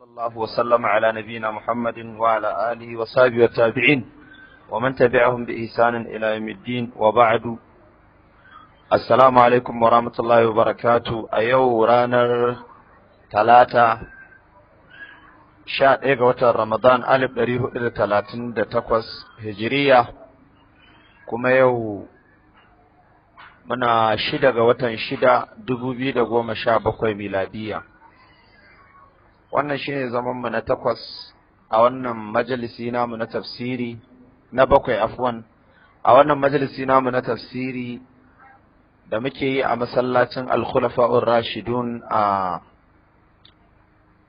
صلى الله وسلم على نبينا محمد وعلى اله وصحبه والتابعين ومن تبعهم باحسان الى يوم الدين وبعد السلام عليكم ورحمه الله وبركاته ايو sha ɗaya ga watan ramadan alif ɗari hudu da talatin da takwas hijiriya kuma yau muna shida ga watan shida dubu da goma sha bakwai miladiya wannan shine zaman mu na takwas a wannan majalisi namu na tafsiri na bakwai afwan a wannan majalisi namu na tafsiri da muke yi a masallacin al-khulafa'ur rashidun a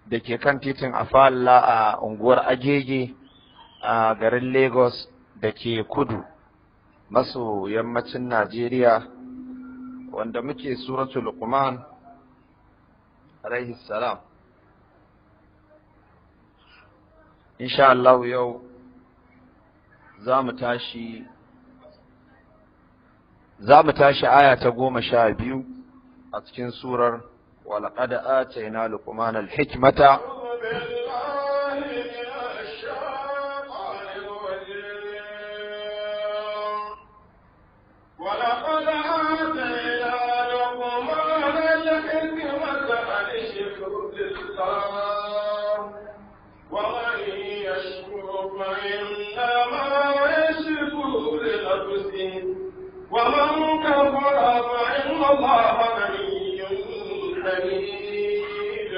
da ke kan titin afalla a unguwar agege a garin lagos da ke kudu maso yammacin najeriya wanda muke suratul luqman alaihi salam insha Allah yau za mu tashi za mu tashi aya ta goma sha biyu a cikin surar walaƙada a ta yana lukumanar hikmata ومن كفر فإن الله غني حميد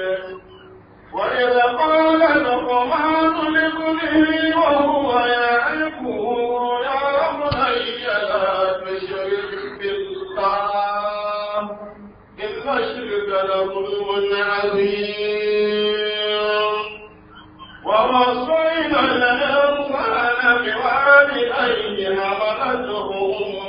وإذا قال لقمان لابنه وهو يعرفه يا بني لا تشرك بالله إن الشرك لظلم عظيم ووصينا الإنسان بوالديه حملته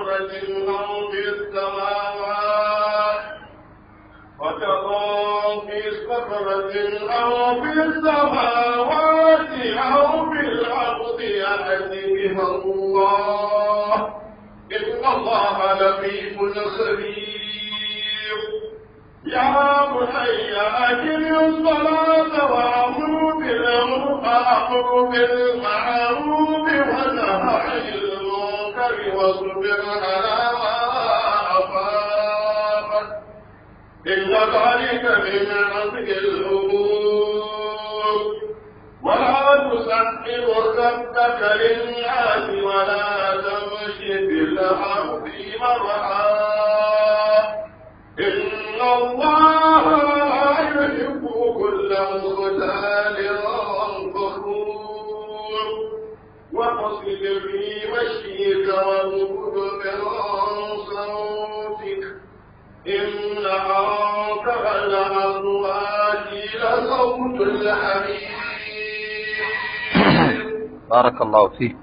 في السماوات وكظن في بقطرة أو في السماوات أو في الأرض يأتي الله إن الله لطيف خبير يا بني أكل الصلاة وأمر بالأمر وأمر بالمعروف ونهى عن النار على ما إنك عليك من عزق الأمور ولا تسحر ربك للناس ولا تمشي في الأرض مرحا إن الله يحب كل مختال واقصد في مشيك من صوتك إن لصوت بارك الله فيك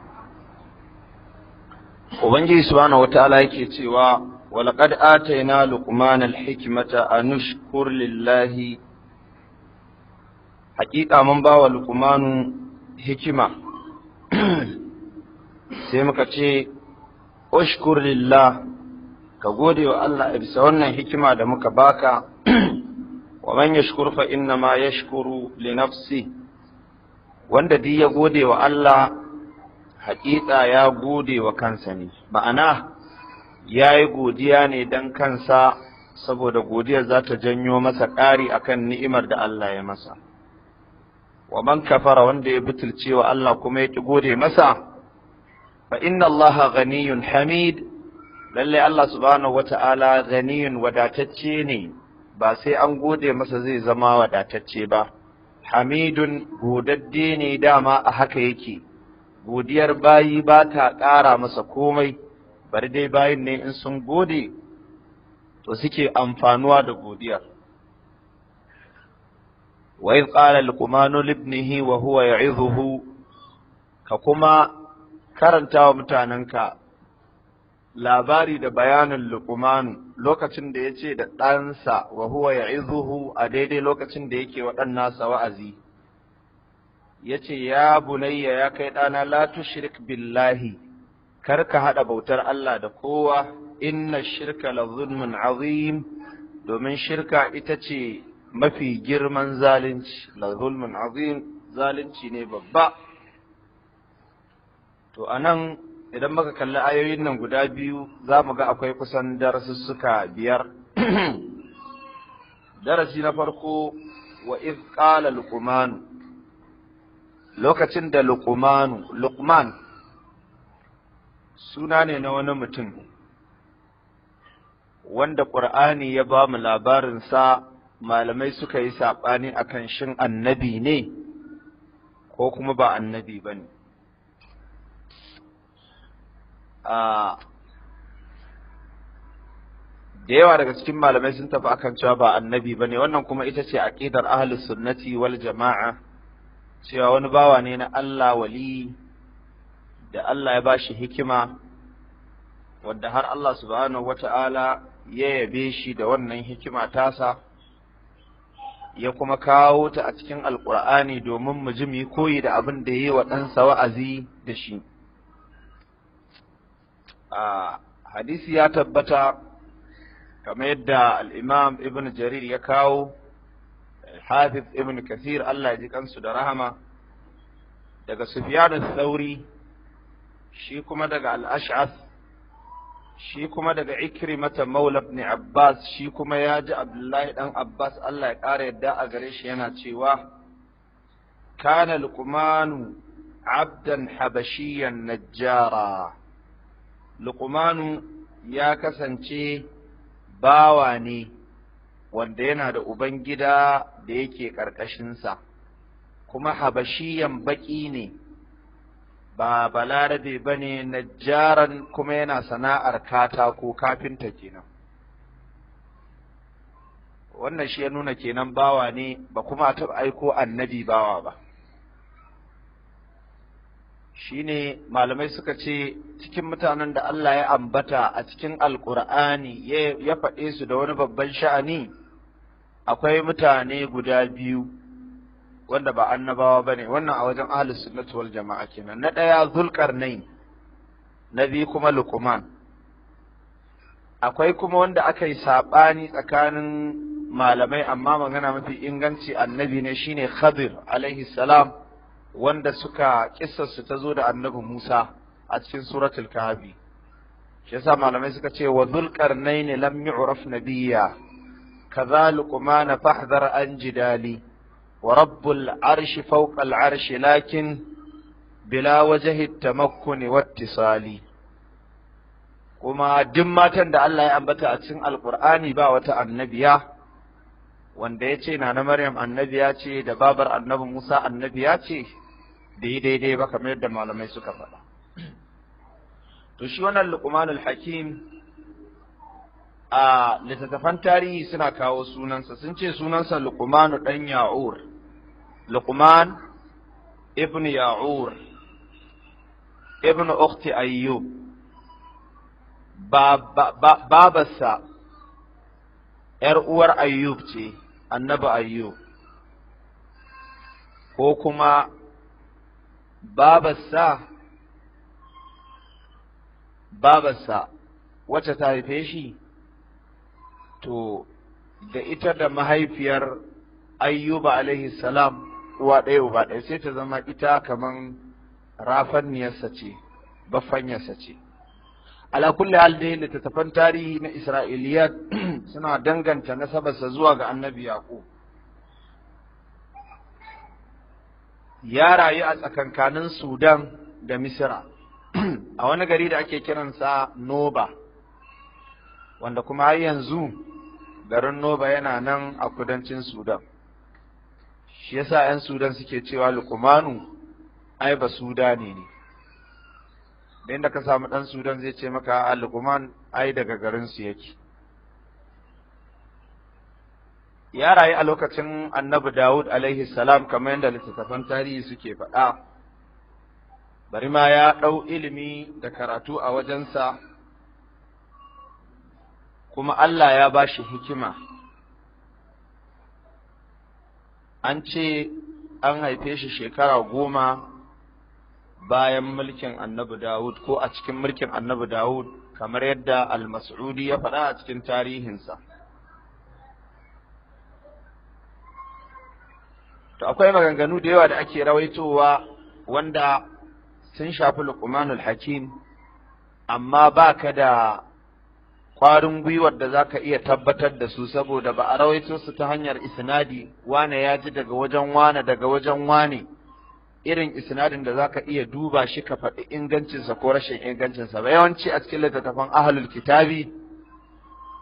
Ubangiji subhanahu wataala yake cewa walaqad atayna luqman alhikmata anushkur lillahi haƙiƙa mun bawa luqmanu hikima sai muka ce ushkur lillah ka gode wa Allah a bisa wannan hikima da muka baka wa man yashkur fa inna ma yashkuru li nafsi wanda duk ya gode wa Allah hakika ya gode wa kansa ne ma'ana yayi godiya ne dan kansa saboda godiyar za ta janyo masa ƙari akan ni'imar da Allah ya masa wa man kafara wanda ya butulce wa Allah kuma ya ki gode masa fa inna Allah ghaniyun hamid lalle Allah subhanahu wata'ala ghaniyun wadatacce ne ba sai an gode masa zai zama wadatacce ba hamidun godadde ne dama a haka yake godiyar bayi ba ta ƙara masa komai bari dai bayin ne in sun gode to suke amfanuwa da godiyar وإذ قال لقمان لابنه وهو يعظه ككما wa ومتاننكا labari da bayanin luqman lokacin da yace da ɗansa wa huwa ya'izuhu a daidai lokacin da yake wa ɗan nasa wa'azi yace ya bunayya ya kai ɗana la tushrik billahi kar ka haɗa bautar Allah da kowa inna shirka la zulmun azim domin shirka ita ce mafi girman zalunci la azim zalunci ne babba to anan idan muka kalli ayoyin nan guda biyu za mu ga akwai kusan darasussuka biyar darasi na farko wa iz qala lokacin da luqman luqman suna ne na wani mutum wanda ƙur'ani ya ba mu labarin sa malamai suka yi saɓani akan shin annabi ne ko kuma ba annabi ba ne da yawa daga cikin malamai sun tafi akan cewa ba annabi ba ne wannan kuma ita ce aƙidar ahalus sunnati wal jama'a cewa wani bawa ne na Allah wali da Allah ya bashi hikima wadda har Allah subhanahu ta'ala ya yabe shi da wannan hikima tasa ya kuma kawo ta a cikin alkur'ani domin mu ji mu koyi da abin da yi wa ɗansa wa'azi da shi a hadisi ya tabbata kamar yadda al'imam ibn jarir ya kawo hafiz ibn kasir allah ya ji kansu da rahama daga sufyan sauri shi kuma daga al'ash'as shi kuma daga ikrimata maula ibn abbas shi kuma ya ji abdullahi dan abbas allah ya ƙara yadda a gare shi yana cewa kana luqmanu abdan habashiyan najjara luqmanu ya kasance bawa ne wanda yana da ubangida da yake ƙarƙashinsa kuma habashiyan baƙi ne ba balarabe ba ne na jaran kuma yana sana'ar katako kafinta kenan wannan shi ya nuna kenan bawa ne ba kuma a taɓa aiko annabi bawa ba Shi ne malamai suka ce cikin mutanen da Allah ya ambata a cikin alkur'ani ya faɗe su da wani babban sha'ani akwai mutane guda biyu wanda ba annabawa bane wannan a wajen ahlus sunnatu wal jama'a kenan na zulkar zulqarnain na biyu kuma luqman akwai kuma wanda aka yi saɓani tsakanin malamai amma magana mafi inganci annabi ne shine khadir alaihi salam wanda suka kissarsu ta zo da annabi musa a cikin suratul kahabi shi yasa malamai suka ce wa dhulqarnaini lam yu'raf nabiyya kadha luqman fahdhar an jidali ورب العرش فوق العرش لكن بلا وجه التمكن واتصال kuma duk matan da Allah ya ambata a cikin alkur'ani ba wata annabiya wanda ya ce na maryam annabiya ce da babar annabi musa annabiya ce da yi daidai ba kamar yadda malamai suka faɗa to shi wannan luqmanul hakim a littattafan tarihi suna kawo sunansa sun ce sunansa luqmanu ɗan ya'ur لقمان ابن يعور ابن أخت أيوب babarsa ‘yar uwar Ayyub ce, annabi Ayyub, ko kuma Babasa, babarsa wacce ta haife shi, to, da ita da mahaifiyar Ayyuba alaihi uwa ɗaya uba ɗaya sai ta zama ita kaman rafanniyarsa ce bafanyarsa ce ala kulli hal dai littattafan tarihi na isra'iliya suna danganta nasabarsa zuwa ga annabi yaqub ya rayu a tsakankanin sudan da misira a wani gari da ake kiransa noba wanda kuma har yanzu garin noba yana nan a kudancin sudan shi yasa 'yan sudan suke cewa lukumanu ai ba sudani ne da inda ka samu ɗan sudan zai ce maka a lukuman ai daga garinsu yake ya rayu a lokacin annabi dawud alaihi salam kamar yadda littattafan tarihi suke faɗa bari ma ya ɗau ilimi da karatu a wajensa kuma allah ya bashi hikima an ce an haife shi shekara goma bayan mulkin annabi Dawud ko a cikin mulkin annabi Dawud kamar yadda al-Mas'udi ya faɗa a cikin tarihinsa. To akwai maganganu da yawa da ake rawaitowa wanda sun shafi luqmanul hakim amma ba ka da kwarin gwiwar da za ka iya tabbatar da su saboda ba a rawaito su ta hanyar isnadi wane ya ji daga wajen wane daga wajen wane irin isnadin da za ka iya duba shi ka faɗi ingancinsa ko rashin ingancinsa ba yawanci a cikin littattafan ahalul kitabi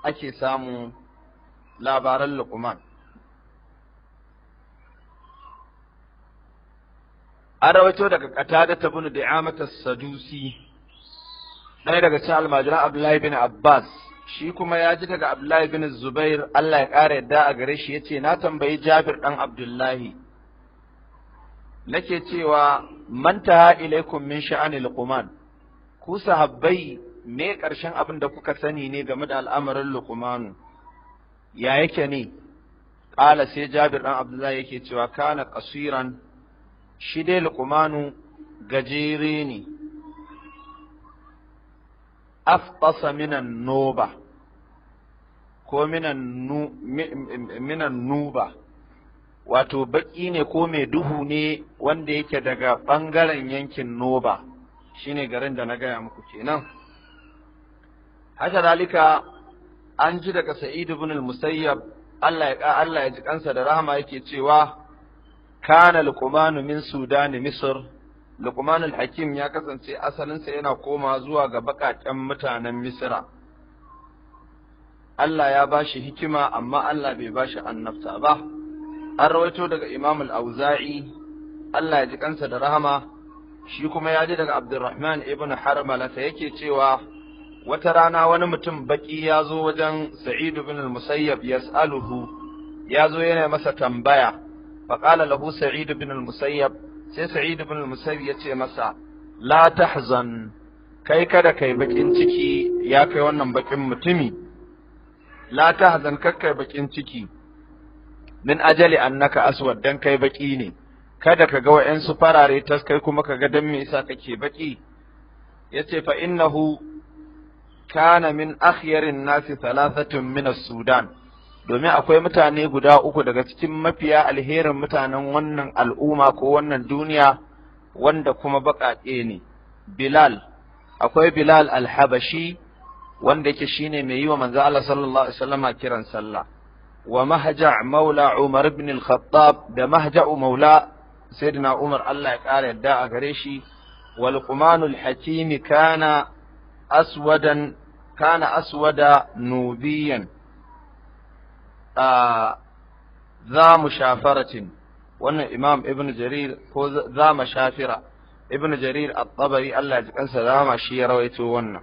ake samu labaran luqman an rawaito daga qatada ibn du'amat as-sadusi ɗaya daga cikin almajiran abdullahi bin abbas shi kuma ya ji daga Abdullahi bin Zubair Allah ya ƙara yadda a gare shi yace na tambayi Jabir dan Abdullahi nake cewa man taha ilaikum min sha'anil quman ku sahabbai me ƙarshen abin da kuka sani ne game da al'amarin luquman ya yake ne ƙala sai Jabir dan Abdullahi yake cewa kana qasiran shi dai luqmanu gajere ne aftasa minan ko minan nuba wato baki ne ko mai duhu ne wanda yake daga ɓangaren yankin noba shine garin da na gaya muku kenan haka dalika an ji daga sa'id ibn al-musayyab Allah ya Allah ya ji kansa da rahama yake cewa kana luqman min sudan misr Luqman al-Hakim ya kasance asalinsa yana koma zuwa ga baƙaƙen mutanen Misra. Allah ya ba shi hikima amma Allah bai ba shi annabta ba. An rawaito daga Imam al-Auza'i Allah ya ji kansa da rahama shi kuma ya ji daga Abdurrahman ibn ta yake cewa wata rana wani mutum baki ya zo wajen Sa'id ibn al-Musayyab yas'aluhu ya zo yana masa tambaya faqala lahu Sa'id ibn al-Musayyab sai sa'id ibn musayyib ya ce masa la tahzan kai kada kai bakin ciki ya kai wannan bakin mutumi la tahzan kakkai bakin ciki min ajali annaka aswad dan kai baki ne kada ka ga wa'yansu farare tas kai kuma ka ga dan me yasa kake baki yace fa innahu kana min akhyarin nasi thalathatun min as-sudan domin akwai mutane guda uku daga cikin mafiya alherin mutanen wannan al'umma ko wannan duniya wanda kuma baƙaƙe ne bilal akwai bilal alhabashi wanda yake shine mai yi wa manzo Allah sallallahu alaihi wasallama kiran sallah wa mahja maula umar ibn al-khattab da mahja maula sayyidina umar Allah ya kare yadda a gare shi wal al-hakimi kana aswadan kana aswada nubiyan za mushafaratin wannan imam ibn jarir ko za shafira ibn jarir at-tabari Allah ya kansa za shi ya rawaito wannan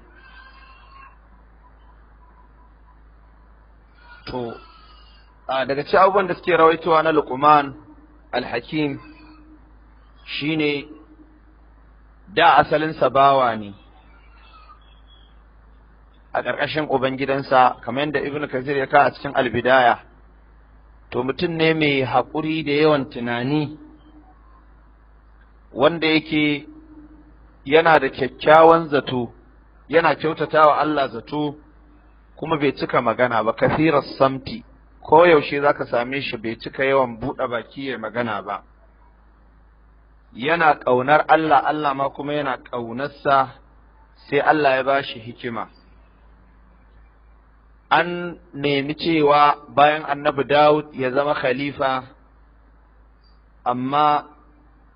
to daga ci abubuwan da suke rawaitowa na luqman al-hakim shine da asalin bawa ne a ƙarƙashin ubangidansa kamar yadda ibnu kasir ya ka a cikin albidaya to mutum ne mai haƙuri da yawan tunani wanda yake yana da kyakkyawan zato yana kyautata wa Allah zato kuma bai cika magana ba kathirar samti ko yaushe za ka same shi bai cika yawan buɗe baki ya magana ba yana ƙaunar Allah Allah ma kuma yana ƙaunarsa sai Allah ya ba shi hikima an nemi cewa bayan annabi Dawud ya zama khalifa amma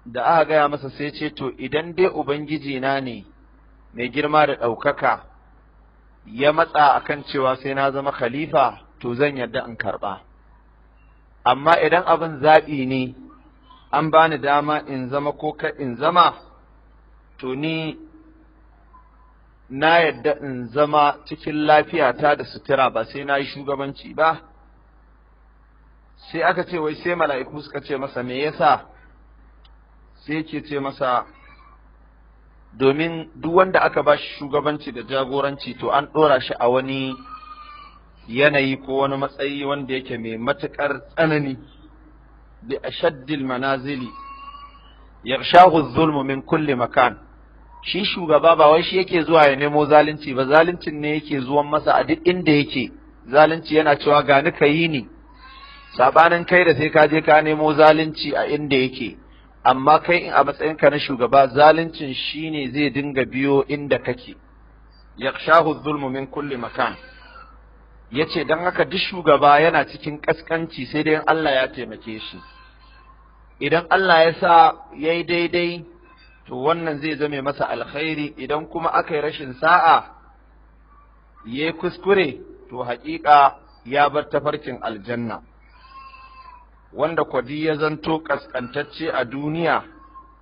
da aka gaya masa sai ce to idan dai ubangiji na ne mai girma da ɗaukaka ya matsa akan cewa sai na zama khalifa to zan yarda in karɓa amma idan abin zaɓi ne an bani dama in zama ko ka in zama to ni na yadda in zama cikin lafiyata da sutura ba sai na yi shugabanci ba sai aka ce wai sai mala'iku suka ce masa me yasa sai ke ce masa domin duk wanda aka ba shi shugabanci da jagoranci to an ɗora shi a wani yanayi ko wani matsayi wanda yake mai matuƙar tsanani bi ashaddil manazili yarshahu zulmu min kulli makan shi shugaba ba wai shi yake zuwa ya nemo zalunci ba zaluncin ne yake zuwan masa a duk inda yake zalunci yana cewa ga ni ka yi ni sabanin kai da sai ka je ka nemo zalunci a inda yake amma kai in a matsayinka na shugaba zaluncin shine zai dinga biyo inda kake yakshahu zulmu min kulli makan yace dan haka duk shugaba yana cikin kaskanci sai dai Allah ya taimake shi idan Allah ya sa yayi daidai to wannan zai zame masa alkhairi idan kuma aka yi rashin sa'a ya kuskure to haƙiƙa ya bar tafarkin aljanna wanda kwadi ya zanto ƙasƙantacce a duniya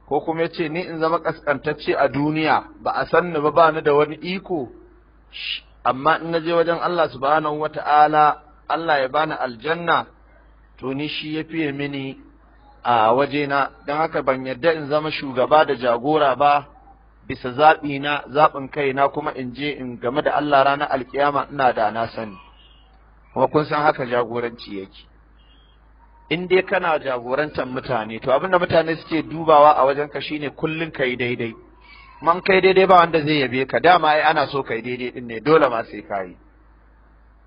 ko kuma ya ce ni in zama ƙasƙantacce a duniya ba a san ni ba ba ni da wani iko amma in na je wajen Allah subhanahu wata'ala Allah ya bani aljanna to ni shi ya fiye mini a wajena don haka ban yarda in zama shugaba da jagora ba bisa zaɓi na zaɓin na kuma in je in game da Allah ranar alkiyama ina da na sani kuma kun san haka jagoranci yake in dai kana jagorantar mutane to abinda mutane suke dubawa a wajen ka shine kullun kai daidai man kai daidai ba wanda zai yabe ka dama ai ana so kai daidai din ne dole ma sai kai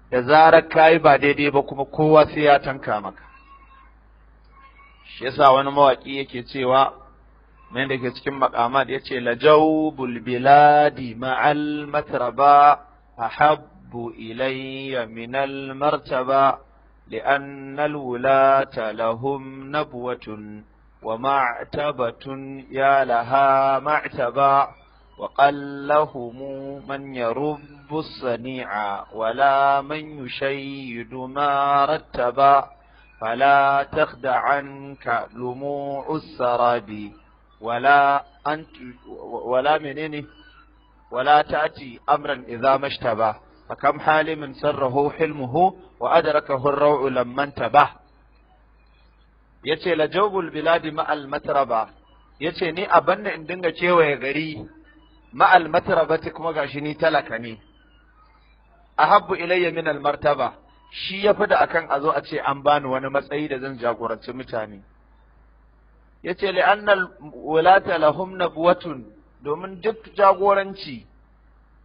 da zarar kai ba daidai ba kuma kowa sai ya tanka maka shi yasa wani mawaƙi yake cewa mai da ke cikin makamat yace lajawbul biladi ma'al matraba ahabbu ilayya min al martaba لأن الولاة لهم نبوة ومعتبة يا لها معتبا وقلهم من يرب الصنيع ولا من يشيد ما رتبا فلا تخدعنك لموع السراب ولا أنت ولا منيني ولا تأتي أمرا إذا ما اشتبه فكم حال من سره حلمه وأدركه الروع لما انتبه yace la jawbul biladi ma'al matraba yace ni a da in dinga ya gari ma'al matrabati kuma gashi ni talaka ne ahabbu ilayya min martaba shi ya fi da akan a zo a ce an bani wani matsayi da zan jagoranci mutane ya ce li'annal wulata lahum nabuwatun domin duk jagoranci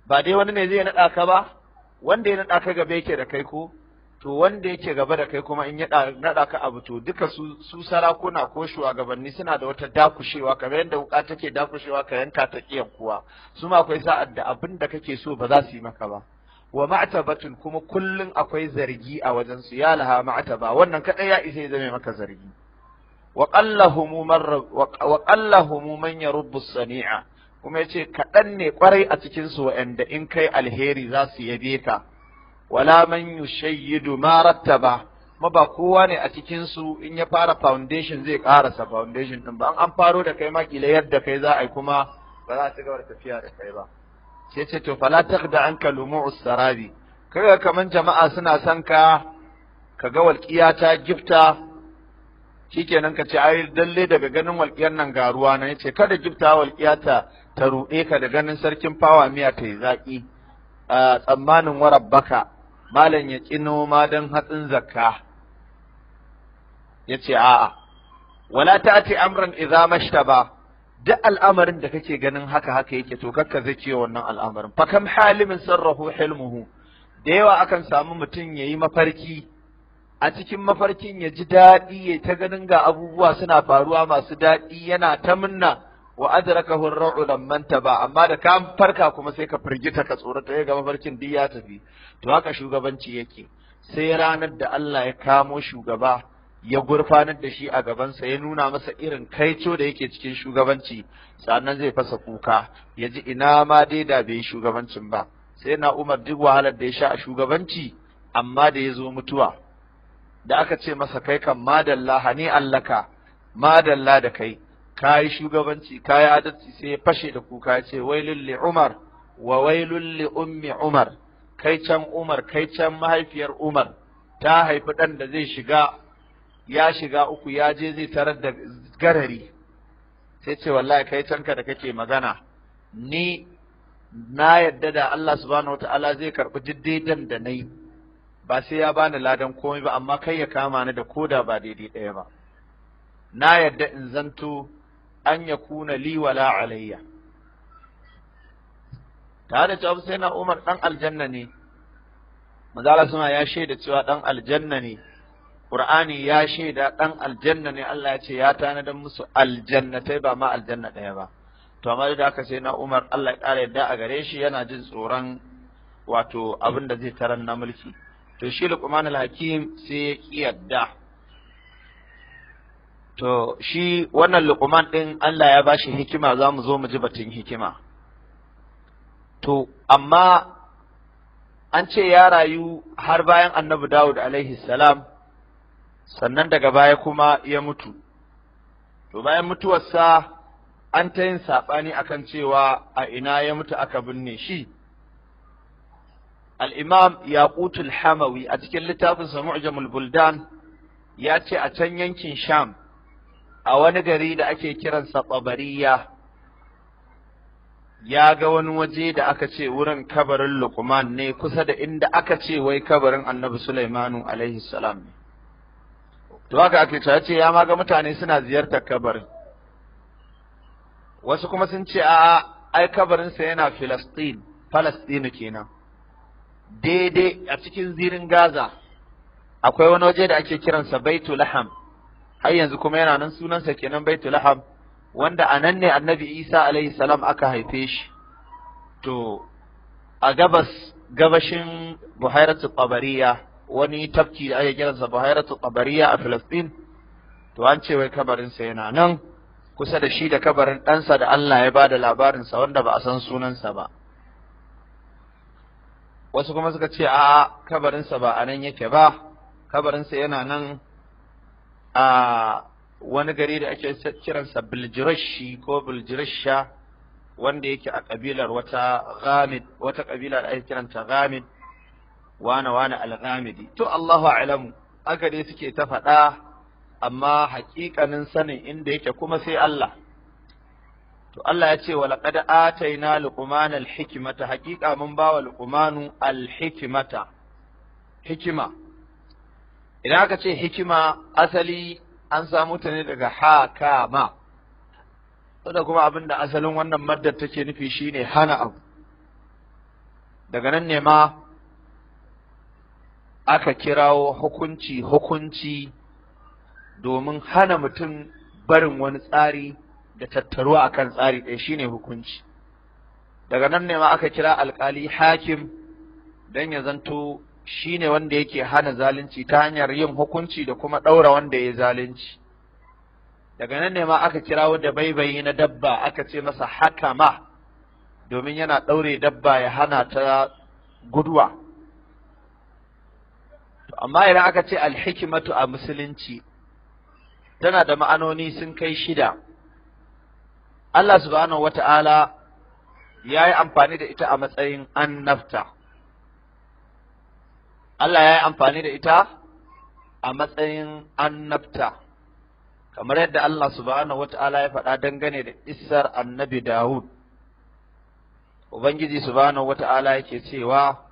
ba dai wani ne zai naɗa ka ba wanda ya naɗa ka gaba yake da kai ko to wanda yake gaba da kai kuma in ya naɗa ka abu to duka su su sarakuna ko shugabanni suna da wata dakushewa kamar yadda wuka take dakushewa ka yanka ta kiyan kuwa su ma akwai sa'ad da abin da kake so ba za su yi maka ba wa ma'tabatun kuma kullun akwai zargi a wajen su ya laha ma'taba wannan kadai ya isa ya zame maka zargi wa qallahumu man wa qallahumu man yarubbu sani'a kuma yace kadan ne kwarai a cikin su wa'anda in kai alheri za su yabe ka wala man yushayyidu ma rattaba ma ba kowa ne a cikin su in ya fara foundation zai karasa foundation din ba an faro da kai ma kila yadda kai za a yi kuma ba za a ci gaba da tafiya da kai ba sai ce to fala da an kalumu usarabi kaga kaman jama'a suna son ka kaga walƙiya ta gifta shikenan ka ce ai dalle daga ganin walƙiyar nan ga ruwa na yace kada gifta walƙiya ta ta ruɗe ka da ganin sarkin fawa miya ta yi zaƙi a tsammanin warabbaka malam ya kino noma don hatsin zakka yace a'a wala ta ta'ti amran idza mashtaba duk al'amarin da kake ganin haka haka yake to kakka zai ce wannan al'amarin fa kam halimin sarrahu hilmuhu da yawa akan samu mutum yayi mafarki a cikin mafarkin ya ji daɗi ya ta ganin ga abubuwa suna faruwa masu daɗi yana ta munna wa adrakahu ar-ra'u lamman taba amma da ka farka kuma sai ka firgita ka tsorata ta ga mafarkin duk ya tafi to haka shugabanci yake sai ranar da Allah ya kamo shugaba ya gurfanar da shi a gabansa ya nuna masa irin kaico da yake cikin shugabanci sannan zai fasa kuka ya ji ina ma dai da bai shugabancin ba sai na umar duk wahalar da ya sha a shugabanci amma da ya zo mutuwa da aka ce masa kai kan madalla hani allaka madalla da kai ka yi shugabanci ka yi adalci sai ya fashe da kuka ya ce Wai li umar wa wai li ummi umar kai can umar kai can mahaifiyar umar ta haifi ɗan da zai shiga ya shiga uku ya je zai tarar da garari sai ce wallahi kai canka da kake magana ni na yadda da Allah subhanahu wataala zai karbi diddaidan da nayi ba sai ya bani ladan komai ba amma kai ya kama ni da koda ba daidai ɗaya ba na yadda in zanto an ya kuna li wala alayya tare da cewa sai na Umar dan aljanna ne manzo Allah ya shaida cewa dan aljanna ne Qur'ani ya shaida ɗan aljanna ne Allah ya ce ya tanadar musu aljannatai ba ma aljanna ɗaya ba. To amma da aka sai na Umar Allah ya ƙara yadda a gare shi yana jin tsoron wato abin da zai taran na mulki. To shi Luqman al-Hakim sai ya yadda. To shi wannan Luqman ɗin Allah ya bashi hikima za mu zo mu ji batun hikima. To amma an ce ya rayu har bayan Annabi Dawud alaihi salam sannan daga baya kuma ya mutu to bayan mutuwarsa an ta yin saɓani akan cewa a ina ya mutu aka binne shi al'imam yaqutul hamawi a cikin littafinsa mu'jamul buldan ya ce a can yankin sham a wani gari da ake kiransa ɓabariya ya ga wani waje da aka ce wurin kabarin lukman ne kusa da inda aka ce wai kabarin annabi sulaimanu alaihi salam ne to haka ake cewa ce ya maga mutane suna ziyartar kabarin wasu kuma sun ce a ai kabarinsa yana Filastin Palestine kenan daidai a cikin zirin Gaza akwai wani waje da ake kiransa Baitul Laham har yanzu kuma yana nan sunansa kenan Baitul Laham wanda a nan ne Annabi Isa alaihi salam aka haife shi to a gabas gabashin Buhairatu Qabariya wani tafki da ake kiransa Buhairatu Qabariya a Filistin to an ce wai kabarin sa yana nan kusa da shi da kabarin ɗansa da Allah ya bada labarin sa wanda ba a san sunansa ba wasu kuma suka ce a kabarin sa ba a nan yake ba kabarin sa yana nan a wani gari da ake kiransa Biljirashi ko Biljirasha wanda yake a kabilar wata Ghamid wata kabila da ake kiranta Ghamid wane wane al to Allahu a'lamu aka dai suke ta faɗa amma haƙiƙanin sanin inda yake kuma sai Allah to Allah ya ce walaqad ataina luqman alhikmata hikmata haƙiƙa mun bawa luqmanu alhikimata. hikima idan aka ce hikima asali an samu ta ne daga hakama da kuma abin da asalin wannan maddar take nufi shine hana abu daga nan ne ma aka kirawo hukunci hukunci domin hana mutum barin wani tsari da tattaruwa akan tsari ɗaya shine hukunci daga nan ne ma aka kira alkali hakim don ya zanto shine wanda yake hana zalunci ta hanyar yin hukunci da kuma ɗaura wanda ya zalunci daga nan ne ma aka kirawo wanda baibayi na dabba aka ce masa hakama domin yana ɗaure dabba ya hana ta guduwa amma idan aka ce alhikimatu a musulunci tana da ma'anoni sun kai shida Allah subhanahu wata'ala ya yi amfani da ita a matsayin nafta, Allah ya yi amfani da ita a matsayin nafta kamar yadda Allah subhanahu wata'ala ya faɗa dangane da isar annabi Dawud Ubangiji subhanahu wata'ala yake cewa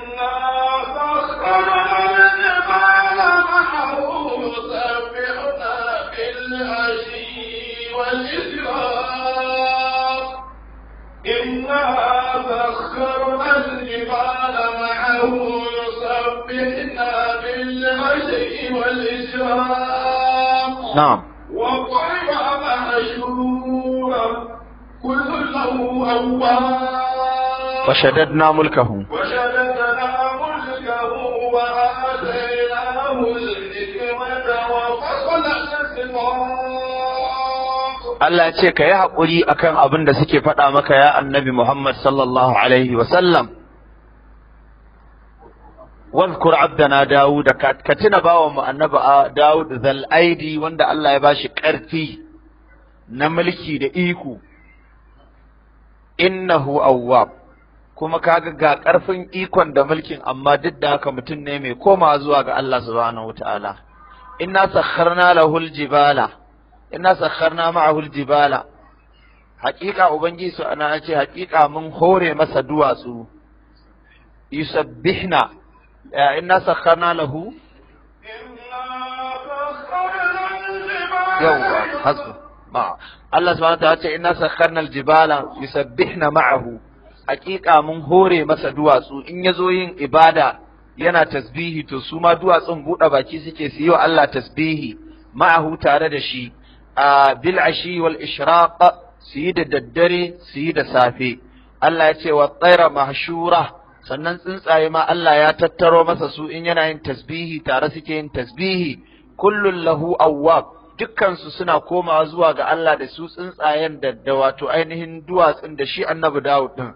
بالعشي معه بالعشي نعم وضرب محشورا كل له أواب وشددنا ملكه وشددنا Allah ya ce ka yi haƙuri kan abin da suke faɗa maka ya annabi Muhammad sallallahu alaihi wasallam واذكر عبدنا داود a باو ما النبا داود ذا الايدي وند الله ƙarfi na mulki da iko innahu awwab kuma kaga ga karfin ikon da mulkin amma duk da haka mutum ne mai koma zuwa ga Allah subhanahu wataala inna sakharna lahul jibala inna sakharna ma'ahu al-jibala haqiqa ubangi su ana ce haqiqa mun hore masa duwatsu yusabbihna inna sakharna lahu yawwa hasbu ma Allah subhanahu wa ta'ala ce inna sakharna al-jibala yusabbihna ma'ahu haqiqa mun hore masa duwatsu in yazo yin ibada yana tasbihi to su ma duwatsun buɗe baki suke su yi wa Allah tasbihi ma'ahu tare da shi bil ashi wal ishraq su yi da daddare su yi safe Allah ya ce wa tsaira mahshura sannan tsuntsaye ma Allah ya tattaro masa su in yana yin tasbihi tare suke yin tasbihi kullun lahu awwab dukkansu suna komawa zuwa ga Allah da su tsuntsayen da da wato ainihin duwatsun da shi annabi Dawud din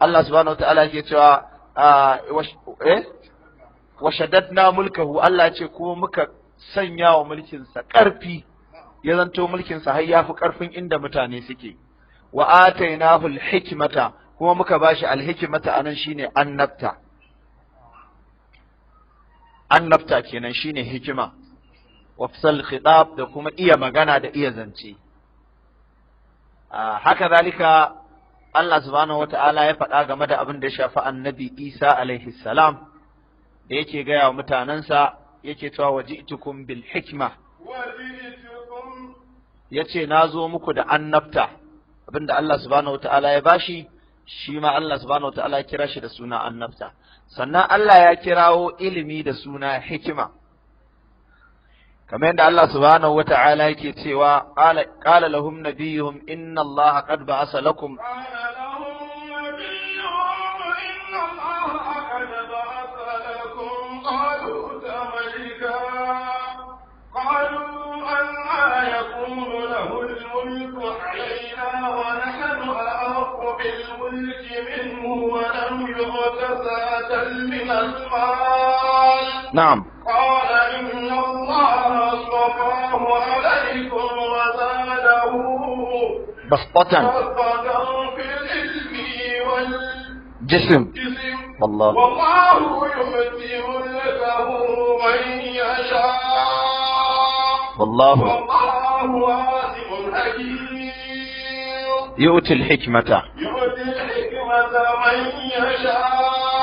Allah subhanahu wataala yake cewa eh wa shaddadna mulkahu Allah ya ce ko muka sanya wa mulkin sa ƙarfi ya zanto mulkin sa har fi karfin inda mutane suke wa atainahu alhikmata kuma muka bashi alhikmata anan shine annabta annabta kenan shine hikima wa fasal khitab da kuma iya magana da iya zance haka zalika Allah subhanahu wata'ala ya faɗa game da abin da ya shafi annabi Isa alaihi salam da yake gaya wa mutanensa yake cewa waji'tukum bil hikma ya ce na zo muku da annabta abinda Allah subhanahu wataala ya bashi shi ma Allah subhanahu wataala ya kira shi da suna annabta sannan Allah ya kirawo ilimi da suna hikima kamar yadda Allah subhanahu wataala yake cewa qala lahum nabiyuhum inna Allah qad ba'asa lakum ولم يؤت من المال نعم قال إن الله اصطفاه عليكم وزاده بسطة بسطة في العلم والجسم والله والله يؤتي ملكه من يشاء والله والله واثق حكيم يؤتي الحكمة hikmata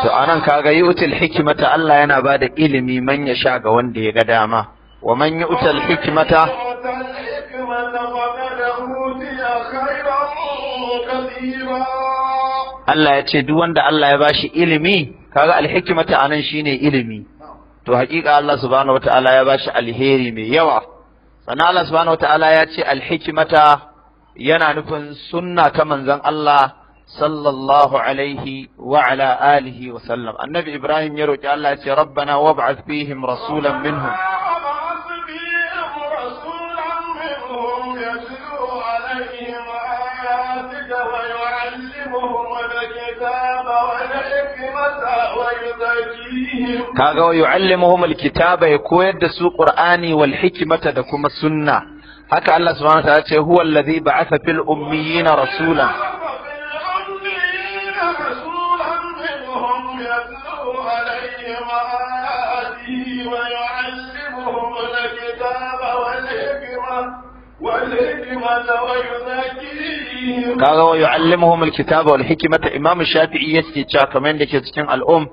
to anan kaga yi al-hikmata Allah yana bada ilimi man ya sha ga wanda ya ga dama wa man yu'ta al-hikmata Allah ya ce duk wanda Allah ya bashi ilimi kaga al-hikmata anan shine ilimi to hakika Allah subhanahu wataala ya bashi alheri mai yawa sannan Allah subhanahu wataala ya ce alhikimata. yana nufin sunna ta manzon Allah sallallahu alaihi wa ala alihi wa sallam annabi ibrahim ya roki Allah ya ce rabbana wab'ath fihim rasulan minhum kaga wa yu'allimuhum alkitaba ya koyar da su qur'ani wal hikmata da kuma sunna haka Allah subhanahu wataala ce huwa alladhi ba'atha fil ummiyina rasula kaga wa yu'allimuhum alkitaba wal hikmata imam shafi'i yace cewa kamar yadda ke cikin al'um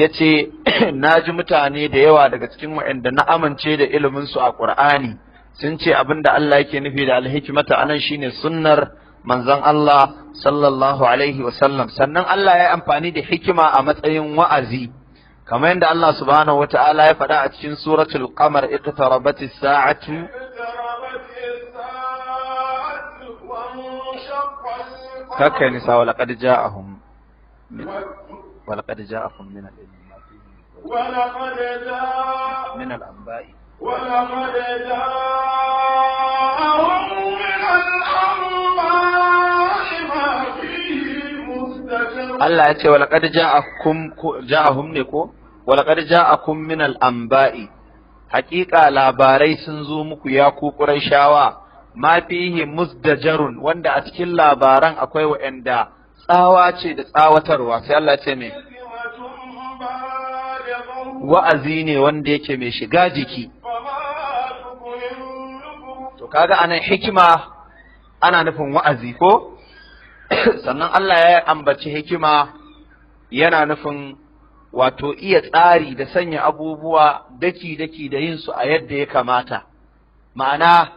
yace naji mutane da yawa daga cikin wa'anda na amince da ilimin su a qur'ani sun ce abin da Allah yake nufi da alhikimata anan shine sunnar manzon Allah sallallahu alaihi wasallam sannan Allah ya yi amfani da hikima a matsayin wa'azi kamar yadda Allah subhanahu wata'ala ya faɗa a cikin suratul qamar iqtarabatis sa'atu kaka nisa wa laqad ja'ahum wa laqad ja'ahum min al-ilmi min al-anba'i Allah ya ce الأنباء ما فيه مستكبر الله يتي ولقد جاءكم جاءهم نكو ولقد جاءكم من الأنباء حقيقة labarai sun zo muku ya ku Qurayshawa ma fihi musdajarun wanda a cikin labaran akwai wa'anda tsawa ce da tsawatarwa sai Allah ce me wa'azi ne wanda yake mai shiga jiki to kaga anan hikima ana nufin wa'azi ko sannan Allah ya ambaci hikima yana nufin wato iya tsari da sanya abubuwa daki-daki da yin su a yadda ya kamata ma'ana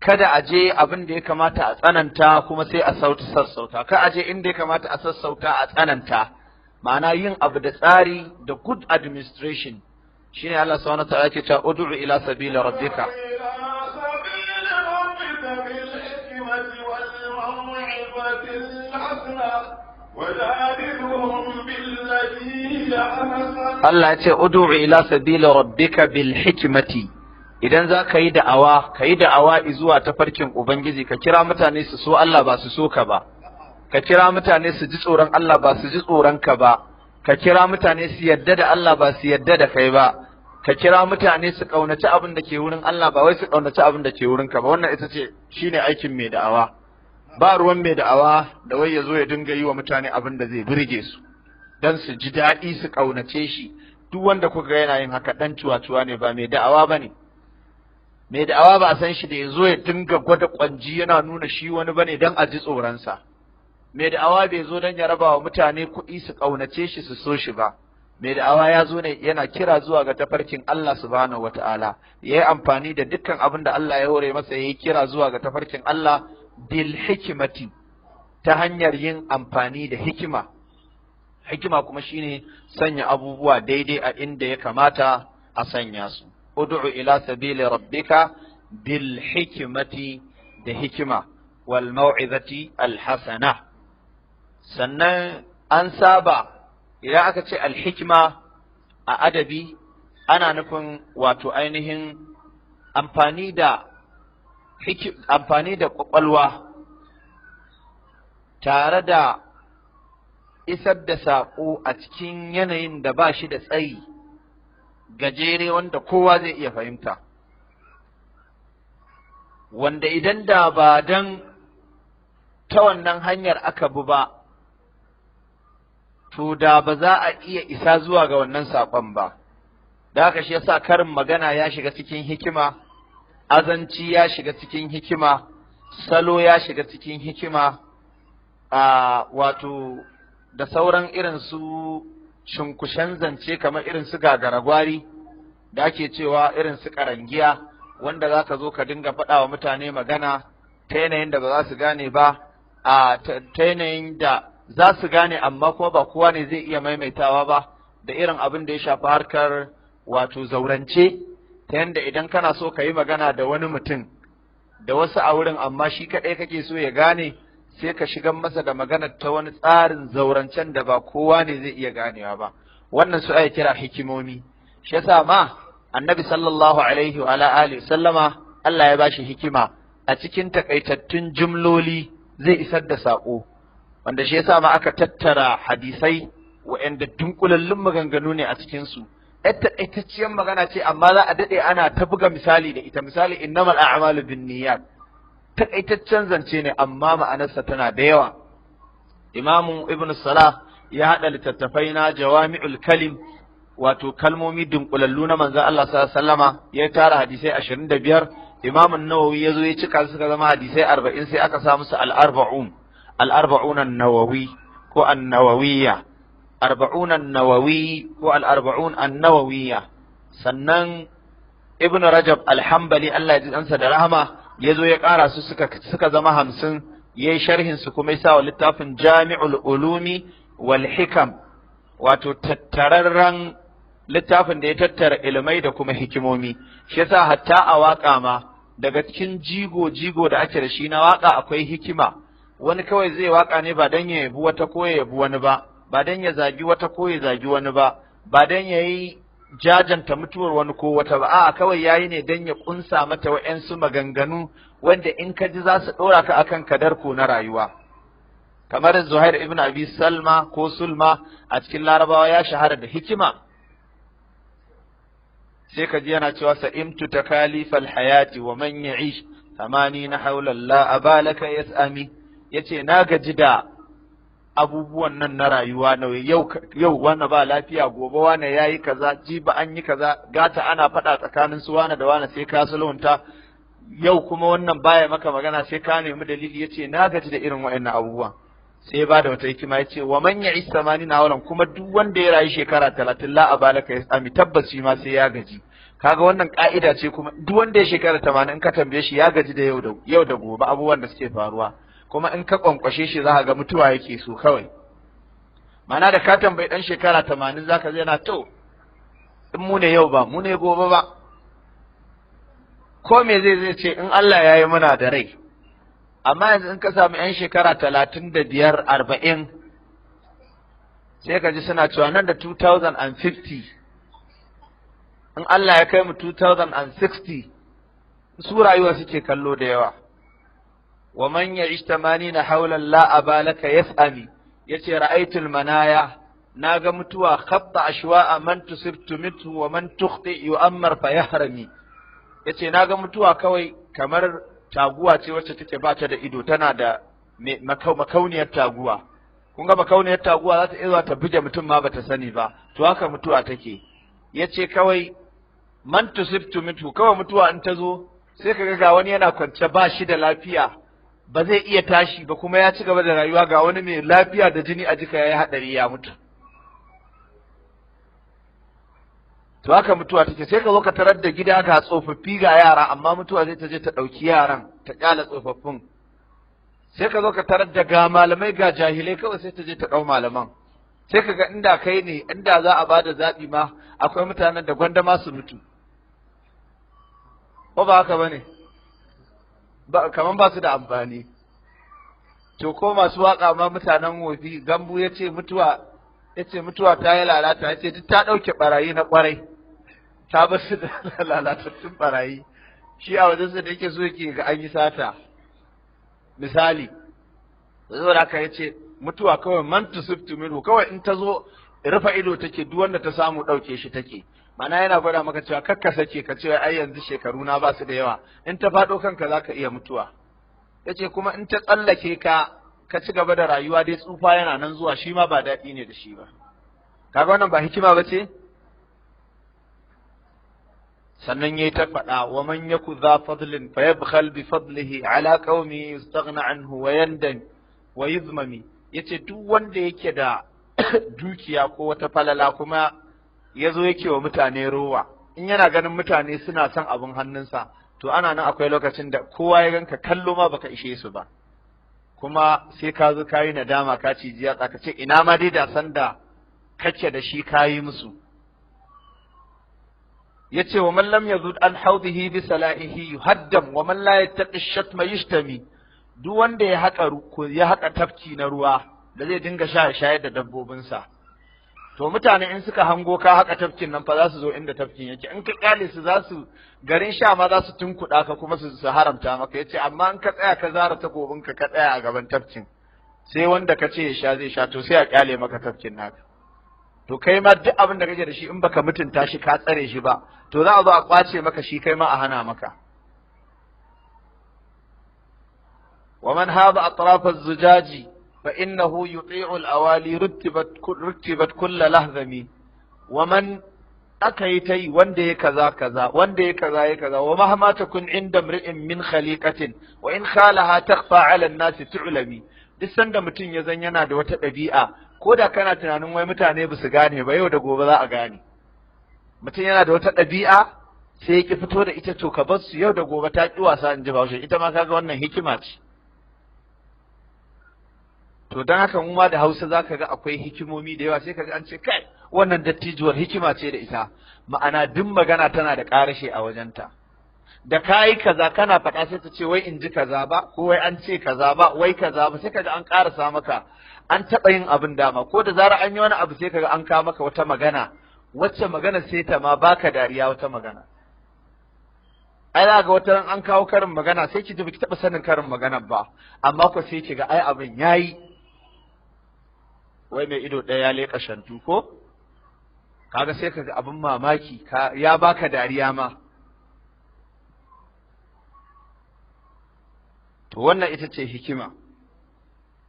kada a je abin da ya kamata a tsananta kuma sai a sauti sassauta ka a je inda ya kamata a sassauta a tsananta ma'ana yin abu da tsari da good administration shine Allah subhanahu wa ta'ala ta udu’u ila sabila rabbika Allah ya ce ud'u ila sabili rabbika bil hikmati idan za ka yi da'awa ka yi da'awa zuwa tafarkin ubangiji ka kira mutane su so Allah ba su so ka ba ka kira mutane su ji tsoron Allah ba su ji tsoron ka ba ka kira mutane su yadda da Allah ba su yadda da kai ba ka kira mutane su kaunaci abin da ke wurin Allah ba wai su kaunaci abin da ke wurin ka ba wannan ita ce shine aikin mai da'awa ba ruwan mai da'awa da wai ya zo ya dinga yi wa mutane abin da zai birge su dan su ji daɗi su ƙaunace shi duk wanda kuka ga yana yin haka dan cuwa-cuwa ne ba mai da'awa ba ne mai da'awa ba a san shi da ya zo ya dinga gwada ƙwanji yana nuna shi wani ba ne dan a ji tsoronsa mai da'awa bai zo dan ya raba wa mutane kuɗi su ƙaunace shi su so shi ba mai da'awa ya zo ne yana kira zuwa ga tafarkin Allah subhanahu wata'ala yi amfani da dukkan abin da Allah ya hore masa ya yi kira zuwa ga tafarkin Allah bil hikimati ta hanyar yin amfani da hikima hikima kuma shine sanya abubuwa daidai a inda ya kamata a sanya su ud'u ila sabili rabbika bil hikimati da hikima wal mau'izati al hasana sannan an saba idan aka ce al hikima a adabi ana nufin wato ainihin amfani da amfani da ƙwaƙwalwa tare da isar da saƙo a cikin yanayin da ba shi da tsayi gajere wanda kowa zai iya fahimta wanda idan da ba don ta wannan hanyar aka bi ba to da ba za a iya isa zuwa ga wannan saƙon ba da haka shi yasa karin magana ya shiga cikin hikima azanci ya shiga cikin hikima salo ya shiga cikin hikima wato da sauran irin su shunkushen zance kamar irin su gagaragwari da ake cewa irin su karangiya wanda za ka zo ka dinga faɗa wa mutane magana ta yanayin da ba za su gane ba ta yanayin da za su gane amma kuma ba kowa ne zai iya maimaitawa ba da irin abin da ya shafi harkar wato zaurance ta yanda idan kana so ka yi magana da wani mutum da wasu a wurin amma shi kaɗai kake so ya gane sai ka shiga masa da magana ta wani tsarin zaurancen da ba kowa ne zai iya ganewa ba wannan su ake kira hikimomi shi yasa ma annabi sallallahu alaihi wa ala sallama Allah ya bashi hikima a cikin takaitattun jumloli zai isar da saƙo. wanda shi yasa ma aka tattara hadisai wa'anda dunkulallun maganganu ne a cikin su yar taƙaitacciyar magana ce amma za a daɗe ana ta buga misali da ita misali innamal a'malu binniyat taƙaitaccen zance ne amma ma'anarsa tana da yawa imamu ibn salah ya haɗa littattafai na jawami'ul kalim wato kalmomi dunkulallu na manzon Allah sallallahu alaihi ya tara hadisai 25 imamun nawawi ya zo ya cika suka zama hadisai 40 sai aka sa musu al-arba'un al-arba'un an-nawawi ko an-nawawiyya arba'un an-nawawi ko al-arba'un an-nawawiyya sannan ibn rajab al-hanbali Allah ya ji ansa da rahama ya ƙara su suka suka zama hamsin yayi sharhin su kuma yasa wa littafin jami'ul ulumi wal hikam wato tattararren littafin da ya tattara ilmai da kuma hikimomi shi yasa hatta a waƙa ma daga cikin jigo jigo da ake da shi na waƙa akwai hikima wani kawai zai waƙa ne ba dan ya yabi wata ko ya yabi wani ba ba dan ya zagi wata ko ya zagi wani ba ba don ya yi jajanta mutuwar wani ko wata ba a'a kawai ya yi ne dan ya kunsa mata wa'yansu maganganu wanda in ka ji za su ɗora ka akan kadar ko na rayuwa kamar Zuhair ibn Abi Salma ko Sulma a cikin Larabawa ya shahara da hikima sai ka ji yana cewa sa'imtu takalifal hayati wa man ya'ish thamani na haula la abalaka yas'ami yace na gaji da abubuwan nan na rayuwa na yau yau ba lafiya gobe ya yayi kaza jiba an yi kaza gata ana faɗa tsakanin su wane da wane sai ka sulhunta yau kuma wannan baya maka magana sai ka nemi dalili yace na gaji da irin waɗannan abubuwan sai ba da wata hikima yace wa man ya'i samani na walan kuma duk wanda ya rayu shekara talatin la abalaka yasami tabbas shi ma sai ya gaji kaga wannan ka'ida ce kuma duk wanda ya shekara tamanin in ka tambaye shi ya gaji da yau da yau da gobe abubuwan da suke faruwa kuma in ka kwankwashe shi za ga mutuwa yake so kawai mana da ka tambayi dan shekara tamanin za ka na to in mu yau ba mu gobe ba ko me zai zai ce in Allah ya yi muna da rai amma yanzu in ka samu yan shekara talatin da biyar arba'in sai ka ji suna cewa nan da 2050 in Allah ya kai mu 2060 su rayuwa suke kallo da yawa wa man ya'ish 80 hawlan la abalaka yas'ami yace ra'aytul manaya naga mutuwa khatta a man tusibtu minhu wa man tukhti yu'ammar fa yahrami yace naga mutuwa kawai kamar taguwa ce wacce take bata da ido tana da makauniyar taguwa kun ga makauniyar taguwa za ta iya ta mutum ma bata sani ba to haka mutuwa take yace kawai man tusibtu kawai mutuwa in ta zo sai kaga ga wani yana kwance ba shi da lafiya ba zai iya tashi ba kuma ya ci gaba da rayuwa ga wani mai lafiya da jini a jika ya yi haɗari ya mutu to haka mutuwa take sai ka zo ka tarar da gida ga tsofaffi ga yara amma mutuwa zai ta je ta ɗauki yaran ta ƙyala tsofaffin sai ka zo ka tarar da ga malamai ga jahilai kawai sai ta je ta ɗau malaman sai ka ga inda kai ne inda za a ba da zaɓi ma akwai mutanen da gwanda ma su mutu ko ba haka ba ne kaman ba su da amfani to ko masu waka ma mutanen wofi gambu ya ce mutuwa ya ce mutuwa ta yi lalata ya ce duk ta ɗauke barayi na ƙwarai ta ba su da lalatattun barayi shi a wajen su da yake so yake ga an yi sata misali zo da aka yace mutuwa kawai man tusiftu minhu kawai in ta zo rufa ido take duk wanda ta samu ɗauke shi take mana yana gwada maka cewa kakka sake ka ce ai yanzu shekaru na ba su da yawa in ta faɗo kanka za ka iya mutuwa ce kuma in ta tsallake ka ka ci gaba da rayuwa dai tsufa yana nan zuwa shi ma ba daɗi ne da shi ba kaga wannan ba hikima ba ce sannan yayi ta faɗa wa man yaku za fadlin fa yabkhal bi fadlihi ala qaumi yustaghna anhu wa yandam wa yuzmami yace duk wanda yake da dukiya ko wata falala kuma ya zo yake wa mutane rowa in yana ganin mutane suna son abin hannunsa to ana nan akwai lokacin da kowa ya ganka kallo ma baka ishe su ba kuma sai ka zo kayi nadama ka ci jiya tsaka ce ina ma dai da san da kake da shi kayi musu yace wa man lam yazud an hawdihi bi salahihi yuhaddam wa man la yattaqi shatma duk wanda ya haƙa ya haƙa tafki na ruwa da zai dinga sha shayar da dabbobinsa to mutane in suka hango ka haka tafkin nan fa za su zo inda tafkin yake in ka kyale su za su garin sha ma za su tunkuɗa ka kuma su su haramta maka yace amma in ka tsaya ka zara takobin ka ka tsaya a gaban tafkin sai wanda ka ce ya sha zai sha to sai a kyale maka tafkin naka to kai ma duk abin da kake da shi in baka mutunta shi ka tsare shi ba to za a zo a kwace maka shi kai ma a hana maka Wa ومن a أطراف الزجاج فإنه يطيع الأوالي رتبت رتبت كل لهذمي ومن أكيتي وندي كذا كذا وندي كذا كذا ومهما تكن عند امرئ من خليقة وإن خالها تخفى على الناس تعلمي duk sanda mutum ya zan yana da wata ɗabi'a ko da kana tunanin wai mutane ba su gane ba yau da gobe za a gane mutum yana da wata ɗabi'a sai ya ki fito da ita to ka bar su yau da gobe ta ƙi wasa in ji bahaushe ita ma kaga wannan hikima ce to don haka mu ma da Hausa za ka ga akwai hikimomi da yawa sai kaga an ce kai wannan dattijuwar hikima ce da ita ma'ana duk magana tana da ƙarashe a wajenta da yi kaza kana faɗa sai ta ce wai in ji kaza ba ko wai an ce kaza ba wai kaza ba sai kaga an ƙarasa maka an taɓa yin abin dama ko da zarar an yi wani abu sai kaga an kawo maka wata magana wacce magana sai ta ma baka dariya wata magana ai za ga wata an kawo karin magana sai ki ji baki taɓa sanin karin magana ba amma ko sai ki ga ai abin yayi wai mai ido ɗaya ya leƙa shantu ko kaga sai ka ga abin mamaki ya baka dariya ma to wannan ita ce hikima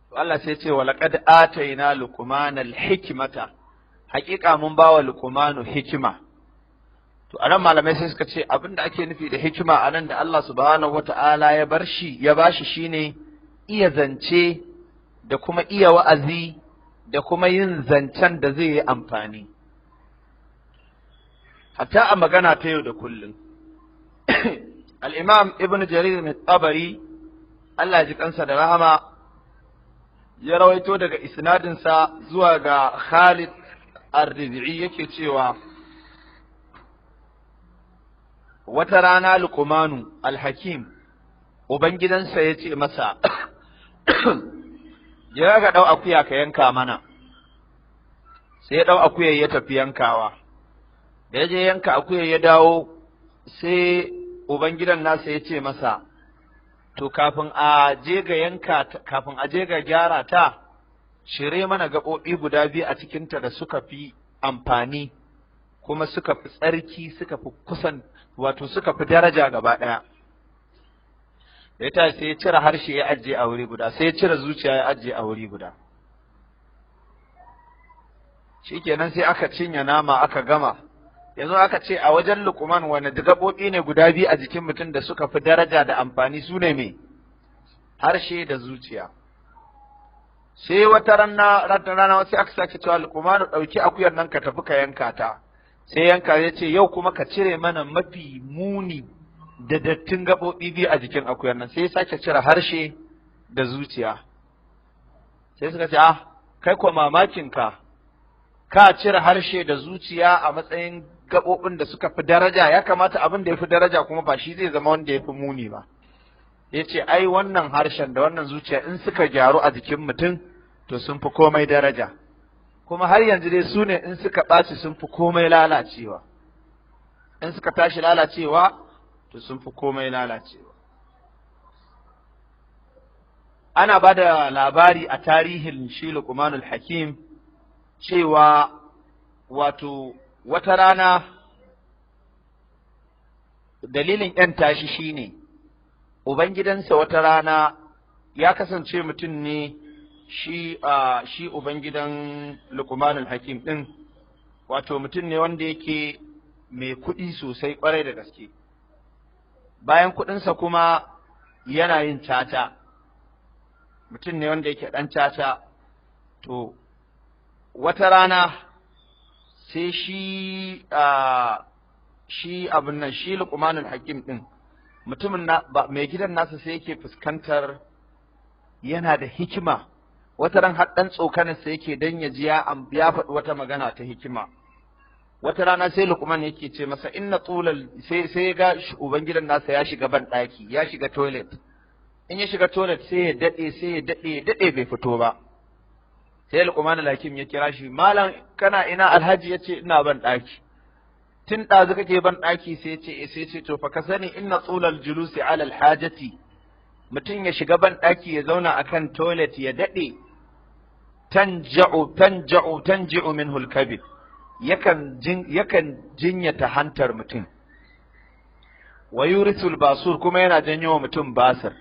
to Allah sai ce walaqad ataina luqmana hikimata. haƙiƙa mun bawa lukumanu hikima to a nan malamai sai suka ce abin da ake nufi da hikima a nan da Allah subhanahu wata'ala ya bar shi ya bashi shine iya zance da kuma iya wa'azi da kuma yin zancen da zai yi amfani hatta a magana ta yau da kullum al'imam ibn jarir mai tsabari Allah ji kansa da rahama ya rawaito daga isnadinsa zuwa ga khalid arzizi yake cewa wata rana lukumanu alhakim ubangidansa ya ce masa ya ga ɗau akuya ka yanka mana sai ya ɗau akuya ya tafi yankawa da ya je yanka akuya ya dawo sai ubangidan nasa ya ce masa to kafin a je ga yanka kafin a je ga gyara ta shire mana gaɓoɓi guda biyu a cikinta da suka fi amfani kuma suka fi tsarki suka fi kusan wato suka fi daraja gaba ɗaya ya ta sai ya cire harshe ya ajiye a wuri guda sai ya cire zuciya ya ajiye a wuri guda shikenan sai aka cinye nama aka gama yanzu aka ce a wajen lukuman wani gaɓoɓi ne guda biyu a jikin mutum da suka fi daraja da amfani su ne mai harshe da zuciya sai wata rana rana wasu aka sake cewa lukuman ɗauki akuyar nan ka tafi ka yanka ta sai yanka ya ce yau kuma ka cire mana mafi muni da dattin gaɓoɓi biyu a jikin akuyar nan sai ya sake cire harshe da zuciya sai suka ce a, ah, kai ko mamakin ka Ka cire harshe da zuciya a matsayin gaɓoɓin da suka fi daraja ya kamata abin da ya fi daraja kuma ba shi zai zama wanda ya fi muni ba ya ce ai wannan harshen da wannan zuciya in suka gyaru a jikin mutum to sun fi komai daraja kuma har yanzu dai su ne in suka ɓaci sun fi komai lalacewa in suka tashi lalacewa to sun fi komai lalacewa ana ba da labari a tarihin shi luqmanul hakim cewa wato wata rana dalilin ‘yan tashi shi ne, Ubangidansa wata rana ya kasance mutum ne shi a shi Ubangidan Lukumanul Hakim ɗin, wato mutum ne wanda yake mai kuɗi sosai kwarai da gaske. bayan kuɗinsa kuma yana yin caca mutum ne wanda yake ɗan caca to wata rana sai shi shi abin nan shi luqmanul hakim ɗin mutumin na ba mai gidan nasa sai yake fuskantar yana da hikima wata ran har ɗan tsokanin sai yake dan ya ji ya faɗi wata magana ta hikima wata rana sai lukman yake ce masa inna tulal sai sai ga ubangidan nasa ya shiga ban daki ya shiga toilet in ya shiga toilet sai ya dade sai ya dade ya dade bai fito ba sai lukman al ya kira shi malam kana ina alhaji yace ina ban daki tun ɗazu kake ban daki sai ce eh, sai ce to fa ka sani inna tulal julusi ala alhajati mutum ya shiga ban daki ya zauna akan toilet ya daɗe tanja'u tanja'u tanji'u minhu alkabir yakan jin yakan jinyata hantar mutum wa yurisul basur kuma yana janyo wa mutum basir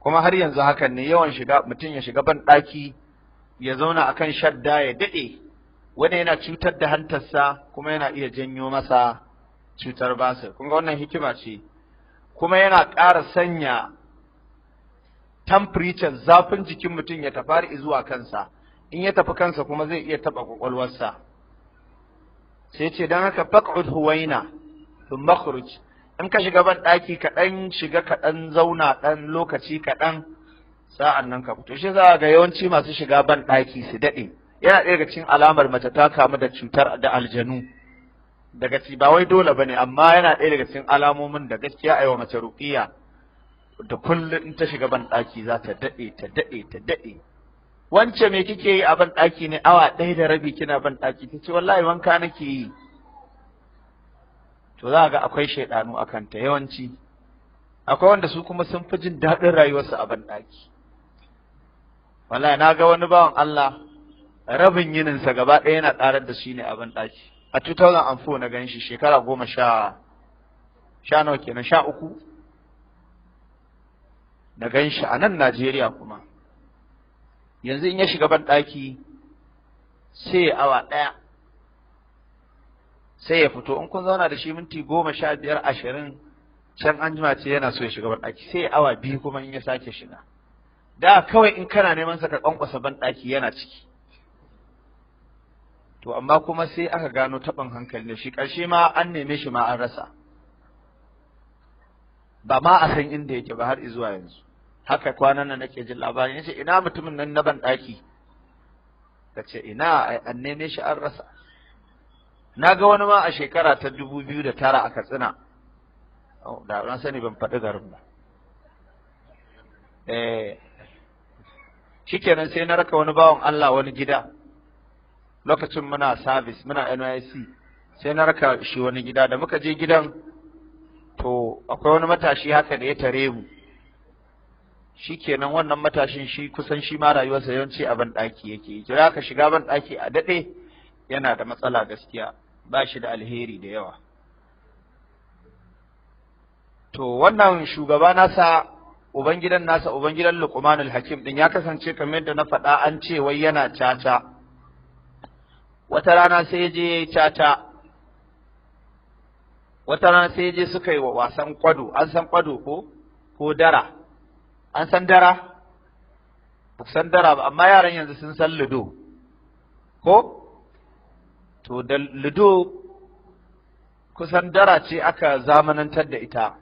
kuma har yanzu hakan ne yawan shiga mutum ya shiga ban daki ya zauna akan shadda ya daɗe, wanda yana cutar da hantarsa kuma yana iya janyo masa cutar basir kun wannan hikima ce kuma yana ƙara sanya temperature zafin jikin mutum ya tafari zuwa kansa in ya tafi kansa kuma zai iya taɓa ƙwaƙwalwarsa. sai ce don haka faƙud huwaina thumma in ka shiga ban ɗaki ka shiga kaɗan zauna ɗan lokaci kaɗan sa'an nan ka fito shi za ga yawanci masu shiga ban ɗaki su daɗe, yana ɗaya daga cikin alamar mace ta kamu da cutar da aljanu daga ci ba wai dole bane amma yana ɗaya daga cikin alamomin da gaskiya a yi wa mace ruƙiya da kullum in ta shiga ban ɗaki za ta daɗe, ta daɗe, ta daɗe. wance me kike yi a banɗaki ne awa ɗaya da rabi kina ban ɗaki ta ce wallahi wanka nake yi to za ga akwai shaidanu a kanta yawanci akwai wanda su kuma sun fi jin daɗin rayuwarsu a banɗaki. ɗaki wallahi na ga wani bawan Allah rabin yininsa gaba ɗaya yana ƙarar da shi ne a banɗaki. ɗaki a 2004 na gan shi shekara goma sha sha nawa kenan sha uku na gan shi a nan Najeriya kuma yanzu in ya shiga ban ɗaki sai awa ɗaya sai ya fito in kun zauna da shi minti goma sha biyar ashirin can an jima ce yana so ya shiga ban ɗaki sai awa biyu kuma in ya sake shiga da kawai in kana neman sa ka ban ɗaki yana ciki to amma kuma sai aka gano taɓin hankali da shi ƙarshe ma an neme shi ma an rasa ba ma a san inda yake ba har izuwa yanzu haka kwanan nan nake jin labarin yace ina mutumin nan na ban daki kace ina an neme shi an rasa naga wani ma a shekara ta 2009 a Katsina oh, da ran sani ban faɗi garin ba eh shikenan sai na raka wani bawan Allah wani gida lokacin muna service muna NYC sai na raka shi wani gida da muka je gidan to akwai wani matashi haka da ya tare mu shikenan wannan matashin shi kusan shi ma rayuwarsa yawanci a banɗaki yake kira ka shiga banɗaki a daɗe yana da matsala gaskiya ba shi da alheri da yawa to wannan shugaba nasa ubangidan nasa ubangidan luqmanul hakim din ya kasance kamar yadda na faɗa an ce wai yana caca wata rana sai je caca wata rana sai je suka yi wa wasan kwado an san kwado ko ko dara an san dara ba san dara ba amma yaran yanzu sun san ludo ko to da ludo kusan dara ce aka zamanantar da ita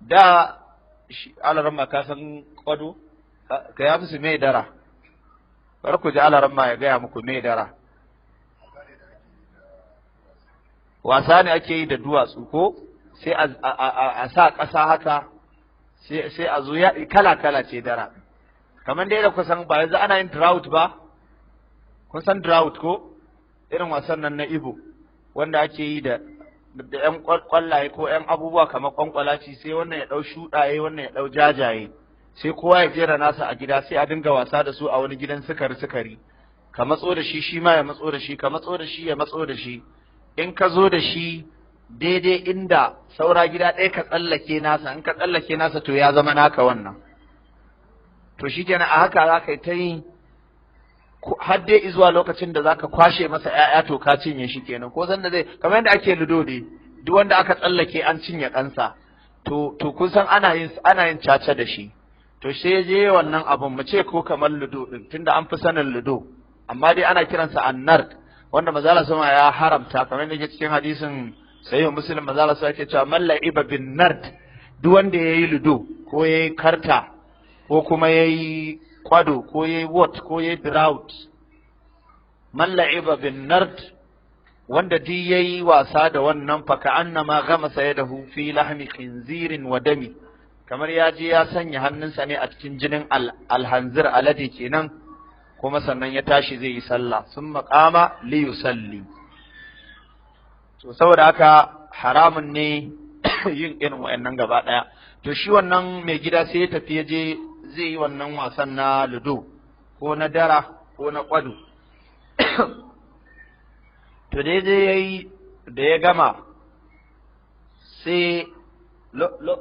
da shi alaramma ka san kwado ka ya musu mai dara bari ku ji alaramma ya gaya muku mai dara wasa ne ake yi da duwatsu ko sai a sa ƙasa haka sai a zo ya kala kala ce dara kamar dai da kusan ba yanzu ana yin drought ba kun san drought ko irin wasan nan na Ibo wanda ake yi da da ƴan kwallaye ko ƴan abubuwa kamar kwankwalaci sai wannan ya ɗau shuɗaye wannan ya ɗau jajaye sai kowa ya jera nasa a gida sai a dinga wasa da su a wani gidan sukari sukari ka matso da shi shi ma ya matso da shi ka matso da shi ya matso da shi in ka zo da shi daidai inda saura gida ɗaya ka tsallake nasa in ka tsallake nasa to ya zama naka wannan to shikenan a haka za ka yi ta yi har dai zuwa lokacin da za ka kwashe masa 'ya'ya to ka cinye shi kenan ko zan da zai kamar yadda ake ludo ne duk wanda aka tsallake an cinye kansa to to kun san ana yin caca da shi to sai je wannan abun mu ce ko kamar ludo din tunda an fi sanin ludo amma dai ana kiransa annar wanda mazala sama ya haramta kamar yadda cikin hadisin sai muslim manzo Allah sai yake cewa malla iba bin nard duk wanda yayi ludo ko yayi karta ko kuma yayi kwado ko yayi wat ko yayi drought malla iba bin nard wanda duk yayi wasa da wannan fa ka annama gama sayadahu fi lahmi khinzirin wa dami kamar ya je ya sanya hannunsa ne a cikin jinin alhanzir alade kenan kuma sannan ya tashi zai yi sallah sun maƙama li yusalli to saboda haka haramun ne yin irin wayannan gaba daya to shi wannan mai gida sai ya tafi je zai yi wannan wasan na ludo ko na dara ko na kwado to dai yayi da ya gama sai lo lo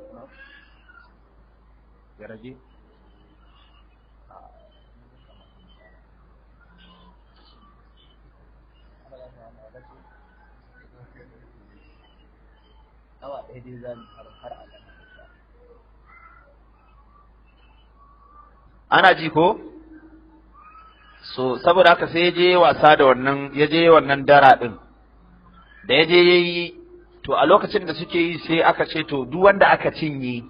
awa ɗaya dai za mu har a ana ji ko so saboda haka sai je wasa da wannan ya je wannan dara din da ya je yayi to a lokacin da suke yi sai aka ce to duk wanda aka cinye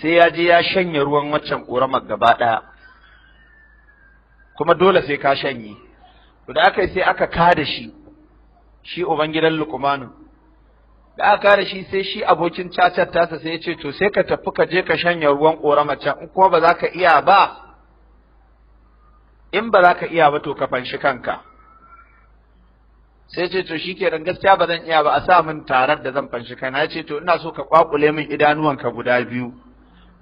sai ya je ya shanye ruwan waccan ƙoramar gaba ɗaya kuma dole sai ka shanye to da aka yi sai aka ka da shi shi ubangidan lukumanin da aka kare shi sai shi abokin cacar tasa sai ya ce to sai ka tafi ka je ka shanya ruwan ƙorama can in kuma ba za ka iya ba in ba za ka iya ba to ka fanshi kanka sai ce to shi kenan gaskiya ba zan iya ba a sa min tarar da zan fanshi kaina ya ce to ina so ka kwakule min idanuwanka guda biyu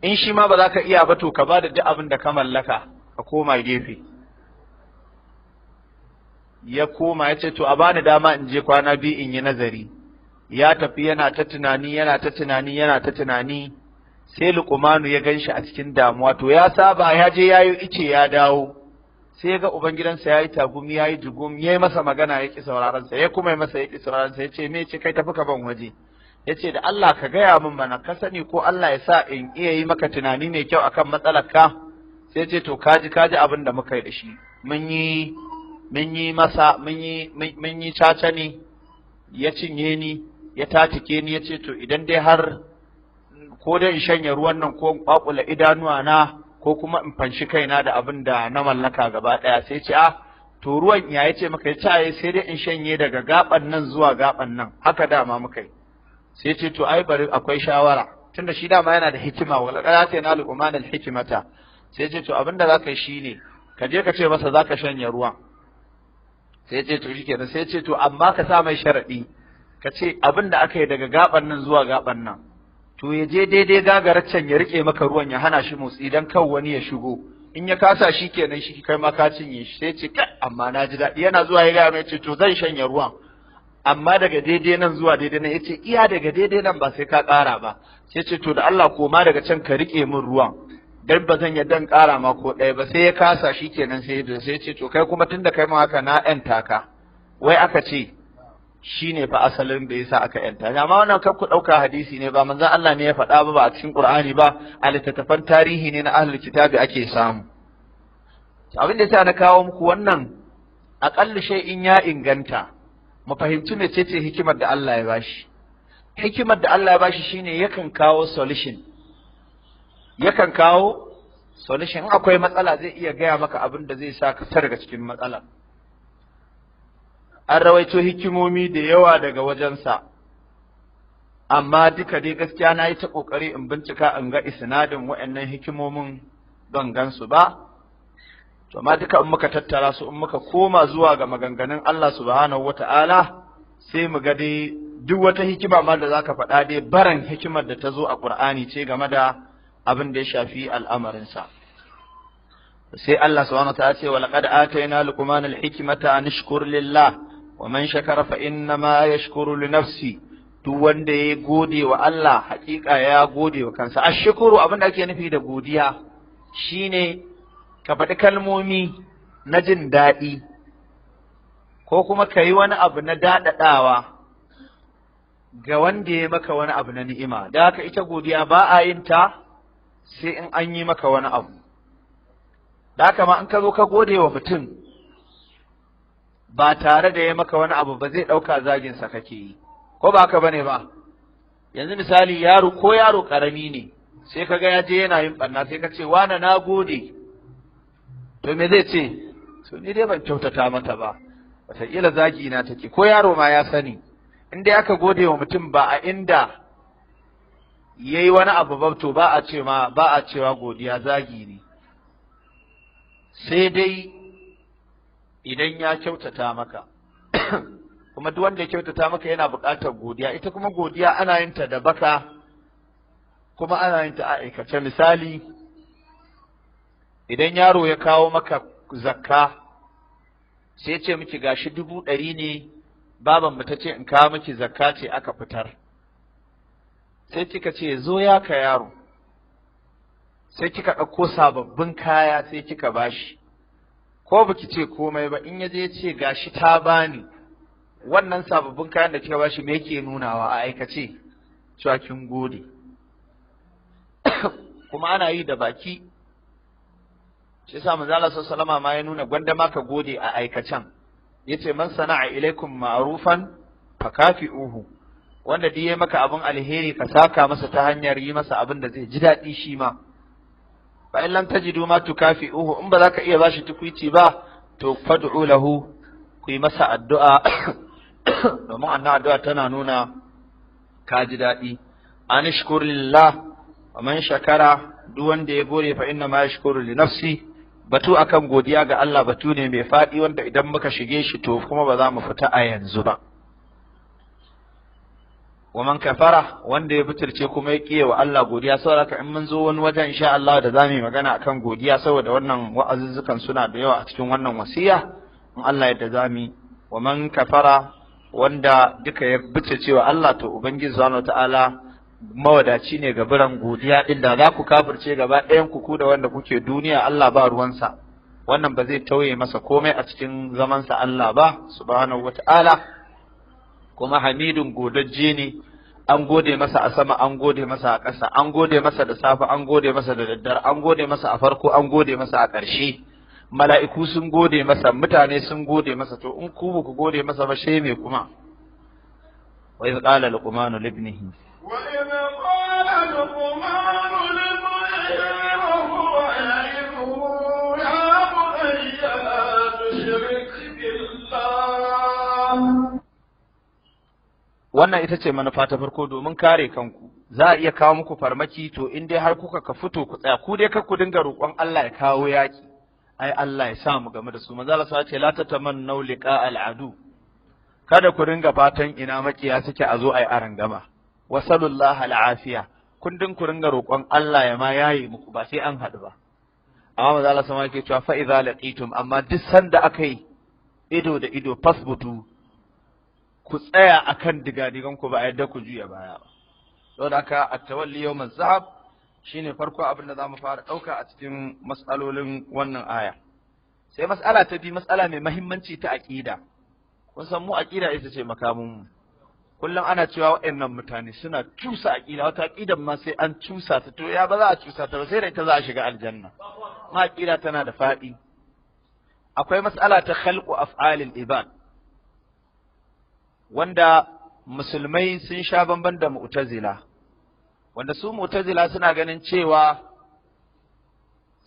in shi ma ba za ka iya ba to ka ba da duk abin da ka mallaka ka koma gefe ya koma ya ce to a bani dama in je kwana biyu in yi nazari ya tafi yana ta tunani yana ta tunani yana ta tunani sai luqmanu ya ganshi a cikin damuwa to ya saba ya je yayi ice ya dawo sai ga ubangidansa yayi tagumi yayi jugum yayi masa magana ya ki sauraron sa ya kuma ya masa ya ki sauraron sa yace me ce kai tafi ka ban waje yace da Allah ka gaya min mana ka sani ko Allah ya sa in iya yi maka tunani mai kyau akan matsalar ka sai ce to kaji kaji abin da muka yi da shi mun yi mun yi masa mun yi mun yi caca ya cinye ni ya tatike ni ya ce to idan dai har ko dai in shanye ruwan nan ko in kwakula idanuwa na ko kuma in fanshi kaina da abin da na mallaka gaba ɗaya sai ce a to ruwan ya ce maka ya ce eh, sai dai in shanye daga gaban nan zuwa gaban nan haka dama muka yi sai ce to ai bari akwai shawara tunda shi dama yana da hikima wala qala ta na luqman al hikimata sai ce to abinda zaka yi shine ka je ka ce masa zaka shanye ruwan sai ce to shikenan sai ce to amma ka sa mai sharadi ka ce abin da aka yi daga gaɓar nan zuwa gaɓar nan to ya je daidai gagarar can ya riƙe maka ruwan ya hana shi motsi dan kan wani ya shigo in ya kasa shi kenan shi kai ma ka cinye shi sai ce ka amma na ji daɗi yana zuwa ya gaya mai ce to zan shanya ruwan amma daga daidai nan zuwa daidai nan ya ce, iya daga daidai nan ba sai ka ƙara ba sai ce to da Allah koma daga can ka riƙe min ruwan dan ba zan yadda ƙara ma ko ɗaya ba sai ya kasa shi kenan sai ya sai ce to kai kuma tun da kai ma haka na ƴan taka wai aka ce Shi ne fa asalin da yasa aka yanta amma wannan kar ku ɗauka hadisi ne ba manzon Allah ne ya faɗa ba ba a cikin Qur'ani ba a littattafan tarihi ne na ahlul kitabi ake samu abin da yasa na kawo muku wannan aƙalla in ya inganta mu fahimci mecece hikimar da Allah ya bashi hikimar da Allah ya bashi shine yakan kawo solution yakan kawo solution akwai matsala zai iya gaya maka abin da zai sa ka fita daga cikin matsalar an rawaito hikimomi da yawa daga wajensa amma duka dai gaskiya na yi ta ƙoƙari in bincika in ga isnadin waɗannan hikimomin ban gansu ba to amma duka in muka tattara su in muka koma zuwa ga maganganun Allah subhanahu wata'ala sai mu ga dai duk wata hikima ma da zaka faɗa dai baran hikimar da ta zo a Qur'ani ce game da abin da ya shafi al'amarinsa sai Allah subhanahu wata'ala ce wa na atayna luqman al-hikmata an lillah wa man shakara fa innama yashkuru li nafsi duk wanda ya gode wa Allah hakika ya gode wa kansa ashkuru abin da ake nufi da godiya shine ka faɗi kalmomi na jin daɗi ko kuma ka yi wani abu na daɗaɗawa ga wanda ya maka wani abu na ni'ima da haka ita godiya ba a yin ta sai in an yi maka wani abu da haka ma in ka zo ka gode wa mutum ba tare da ya maka wani abu ba zai ɗauka zaginsa kake yi ko ba ka bane ba yanzu misali yaro ko yaro ƙarami ne sai ka ga ya je yana yin ɓanna sai ka ce wane na gode to me zai ce to ni dai ban kyautata mata ba wataƙila zagi na take ko yaro ma ya sani in dai aka gode wa mutum ba a inda ya yi wani abu ba to ba a cewa godiya zagi ne sai dai idan ya kyautata maka kuma duk wanda ya kyautata maka yana buƙatar godiya ita kuma godiya ana yin ta da baka kuma ana yin ta a aikace misali idan yaro ya kawo maka zakka sai ya ce miki gashi dubu ɗari ne baban mu ta ce in kawo miki zakka ce aka fitar sai kika ce zo ya ka yaro sai kika ɗauko sababbin kaya sai kika bashi ko baki ce komai ba in yaje ya ce gashi ta bani wannan sababbin kayan da kika bashi me yake nunawa a aikace cewa kin gode kuma ana yi da baki shi yasa manzo Allah sallallahu ma ya nuna gwanda ma ka gode a aikacen yace man sana'a ilaikum ma'rufan fakafi'uhu wanda duk yayi maka abin alheri ka saka masa ta hanyar yi masa abin da zai ji daɗi shi ma fa in lam tajidu ma tukafi'uhu in ba za ka iya ba bashi tukwici ba to fad'u lahu ku yi masa addu'a domin annan addu'a tana nuna ka ji daɗi an shkurillah wa man shakara duk wanda ya gode fa inna ma yashkuru li nafsi batu akan godiya ga Allah batu ne mai faɗi wanda idan muka shige shi to kuma ba za mu fita a yanzu ba wa man kafara wanda ya fitirce kuma ya kiyewa wa Allah godiya saboda in mun zo wani wajen insha Allah da zamu yi magana akan godiya saboda wannan wa'azuzzukan suna da yawa a cikin wannan wasiya in Allah yadda zamu wa man kafara wanda duka ya fitirce wa Allah to ubangiji subhanahu ta'ala mawadaci ne ga biran godiya din da za ku kafirce gaba ɗayan ku ku da wanda kuke duniya Allah ba ruwansa wannan ba zai tauye masa komai a cikin zamansa Allah ba subhanahu wata'ala kuma hamidun godajje ne an gode masa a sama an gode masa a ƙasa an gode masa da safe an gode masa da daddare an gode masa a farko an gode masa a ƙarshe mala'iku sun gode masa mutane sun gode masa to in ku ku gode masa ba shi me kuma wa iz qala wannan ita ce manufa ta farko domin kare kanku za a iya kawo muku farmaki to in dai har kuka ka fito ku tsaya ku dai kar ku dinga roƙon Allah ya kawo yaki ai Allah ya sa mu game da su manzo Allah ce la tatamannu liqa al'adu kada ku dinga fatan ina makiya suke a zo ai arangama wasallallahu al'afiya kun din ku dinga roƙon Allah ya ma yayi muku ba sai an haɗu ba amma manzo Allah ya ce cewa fa idza laqitum amma duk sanda akai ido da ido fasbutu ku tsaya akan digan ku ba a yadda ku juya baya ba saboda haka a tawalli yawm zahab shine farko abin da mu fara ɗauka a cikin mas'alolin wannan aya sai mas'ala ta bi mas'ala mai mahimmanci ta aƙida. kun san mu aƙida ita ce makamin mu kullum ana cewa waɗannan mutane suna cusa aƙida wata aƙidan ma sai an cusa ta to ya ba za a cusa ta ba sai da ita za a shiga aljanna ma aƙida tana da faɗi akwai mas'ala ta khalqu af'alil ibad wanda musulmai sun sha bamban da mu'tazila wanda su mu'tazila suna ganin cewa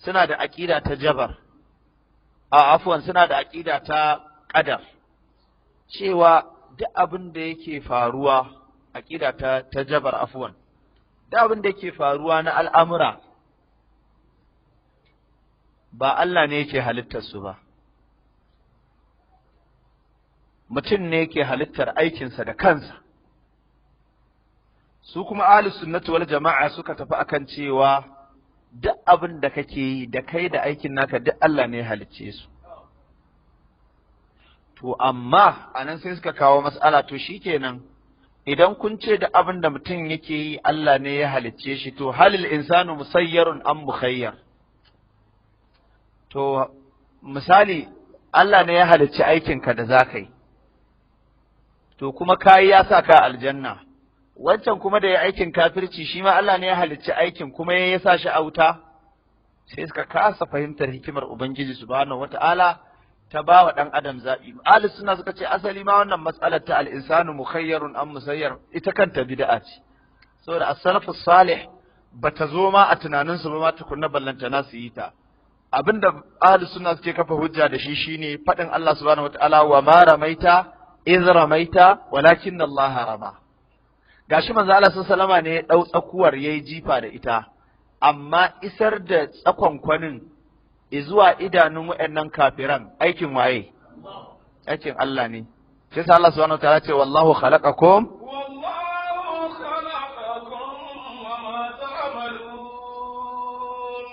suna da aƙida ta jabar a afwan suna da aƙida ta ƙadar cewa duk abin da yake faruwa aƙida ta ta jabar afwan duk abin da yake faruwa na al'amura ba Allah ne yake halittar su ba mutum ne ke halittar aikinsa da kansa su kuma ahlus sunnati wal jama'a suka tafi akan cewa duk abin da kake yi da kai da aikin naka duk Allah ne halicce su to amma anan sai suka kawo mas'ala to shikenan idan kun ce da abin da mutum yake yi Allah ne ya halicce shi to halil insanu musayyarun an mukhayyar to misali Allah ne ya halicci aikinka da za yi to kuma kayi ya sa ka aljanna wancan kuma da ya aikin kafirci shi ma Allah ne ya halicci aikin kuma ya sa shi a sai suka kasa fahimtar hikimar ubangiji subhanahu wataala ta ba wa dan adam zabi ahli sunna suka ce asali ma wannan matsalar ta al-insanu mukhayyarun am musayyar ita kanta bid'a ce saboda as-salafus salih bata zo ma a tunanin su ba ma tukunna ballanta nasu yi ta abinda ahli sunna suke kafa hujja da shi shine fadin Allah subhanahu wataala wa ma maita. iz ramaita walakin Allah rama gashi manzo Allah sun ne ya dau tsakuwar yayi jifa da ita amma isar da tsakon kwanin zuwa idanun wayannan kafiran aikin waye aikin Allah ne sai yasa Allah subhanahu wataala ce wallahu khalaqakum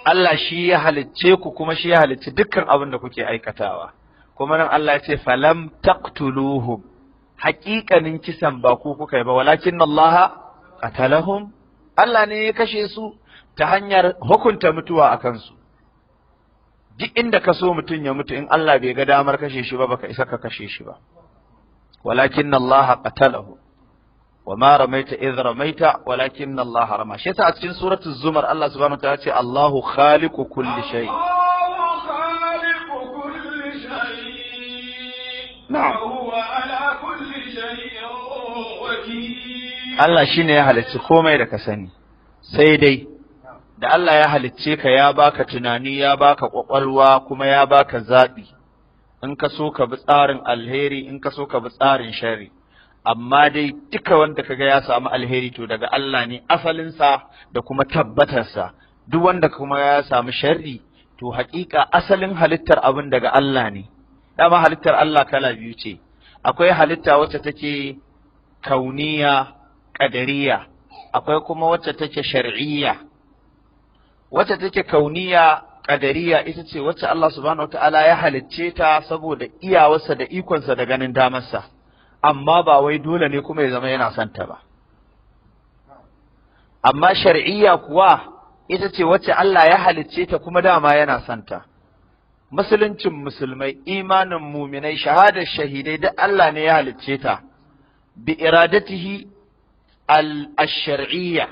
Allah shi ya halicce ku kuma shi ya halicci dukkan abin da kuke aikatawa kuma nan Allah ya ce falam taqtuluhum haƙiƙanin kisan ba ku kuka yi ba walakin Allah qatalahum Allah ne ya kashe su ta hanyar hukunta mutuwa a kansu duk inda ka so mutum ya mutu in Allah bai ga damar kashe shi ba baka isa ka kashe shi ba walakin Allah qatalahu وما رميت إذ رميت ولكن الله رمى شيء a cikin suratul zumar Allah subhanahu wa ta'ala ce Allahu khaliqu kulli shay' na'am wa ala Allah shine ya halicci komai da ka sani sai dai da Allah ya halicce ka ya baka tunani ya baka kwakwalwa kuma ya baka zaɓi in ka so ka bi tsarin alheri in ka so ka bi tsarin shari amma dai duka wanda kaga ya samu alheri to daga Allah ne asalinsa da kuma tabbatarsa duk wanda kuma ya samu sharri to haƙiƙa asalin halittar abin daga Allah ne dama halittar Allah kala biyu ce akwai halitta wacce take kauniya ƙadariya akwai kuma wacce take shar'iyya wacce take kauniya ƙadariya ita ce wacce Allah subhanahu wataala ya halicce ta saboda iyawarsa da ikonsa da ganin damarsa amma ba wai dole ne kuma ya zama yana son ta ba amma shar'iyya kuwa ita ce wacce Allah ya halicce ta kuma dama yana son ta musuluncin musulmai imanin muminai shahadar shahidai da Allah ne ya halicce ta bi iradatihi al-shar'iyya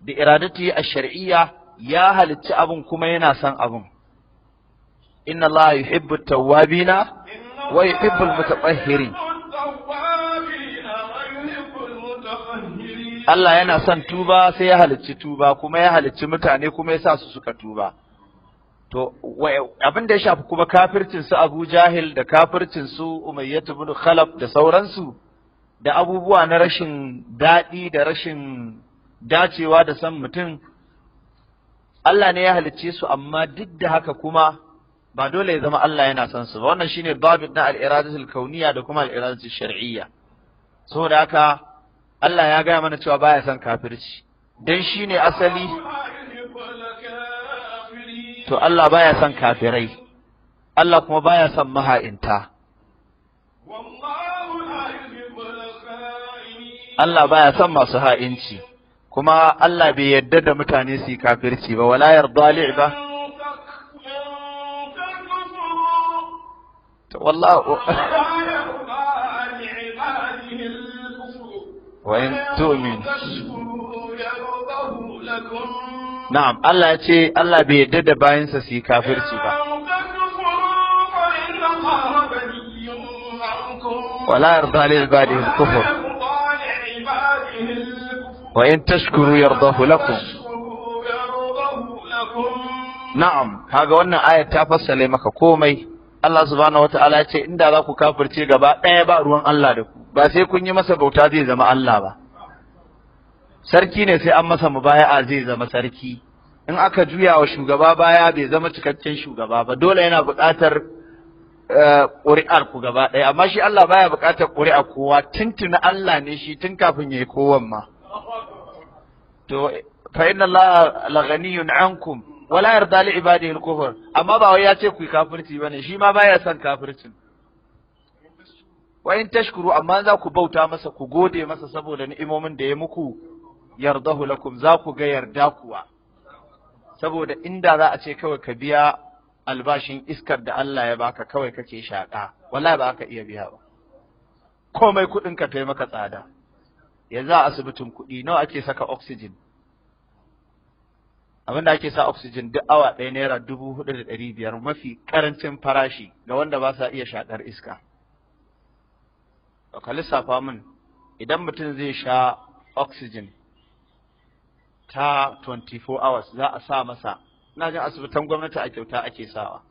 bi iradatihi al-shar'iyya ya halicci abun kuma yana son abun inna Allah yuhibbu at-tawwabina wa yuhibbu al-mutatahhirin Allah yana son tuba sai ya halicci tuba kuma ya halicci mutane kuma ya sa su suka tuba to abin da ya shafi kuma kafircin su Abu Jahil da kafircin su Umayyah ibn Khalaf da sauransu da abubuwa na rashin daɗi da rashin dacewa da san mutum Allah ne ya halicce su amma duk da haka kuma ba dole ya zama Allah yana son su ba wannan shine babu na al-iradatul kauniyya da kuma al-iradatul shar'iyya saboda haka Allah ya gaya mana cewa baya son kafirci dan shine asali to Allah baya son kafirai Allah kuma baya son maha'inta Allah baya son masu ha'inci kuma Allah bai yarda da mutane su yi kafirci ba wala yarda ba. to wallahi وإن تؤمن na'am Allah ya ce Allah bai yarda da bayansa su yi kafirci ba wala yarda lil badi al kufur wa in tashkuru yardahu lakum na'am kaga wannan aya ta fassale maka komai Allah subhanahu wata'ala ya ce inda za ku kafirce gaba ɗaya ba ruwan Allah da ku ba sai kun yi masa bauta zai zama Allah ba sarki ne sai an masa mubaya'a zai zama sarki in aka juya wa shugaba baya bai zama cikakken shugaba ba dole yana buƙatar eh, ƙuri'ar ku gaba ɗaya amma shi Allah baya buƙatar ƙuri'a kowa tuntuna Allah ne shi tun kafin yayi kowan ma to fa inna Allah laghaniyun ankum wala yarda li ibadihi al-kufr amma ba wai ya ce ku kafirci bane shi ma baya son kafircin wa in tashkuru amma za ku bauta masa ku gode masa saboda ni'imomin da ya muku yardahu lakum za ku ga yarda kuwa saboda inda za a ce kawai ka biya albashin iskar da Allah ya baka kawai kake shaƙa wallahi ba ka iya biya ba komai kuɗin ka ta maka tsada yanzu a asibitin kuɗi nawa ake saka oxygen abin da ake sa oxygen duk awa ɗaya naira dubu hudu da ɗari biyar mafi ƙarancin farashi ga wanda ba sa iya shaƙar iska ka lissafa min idan mutum zai sha oxygen ta 24 hours za a sa masa ina jin asibitan gwamnati a kyauta ake sawa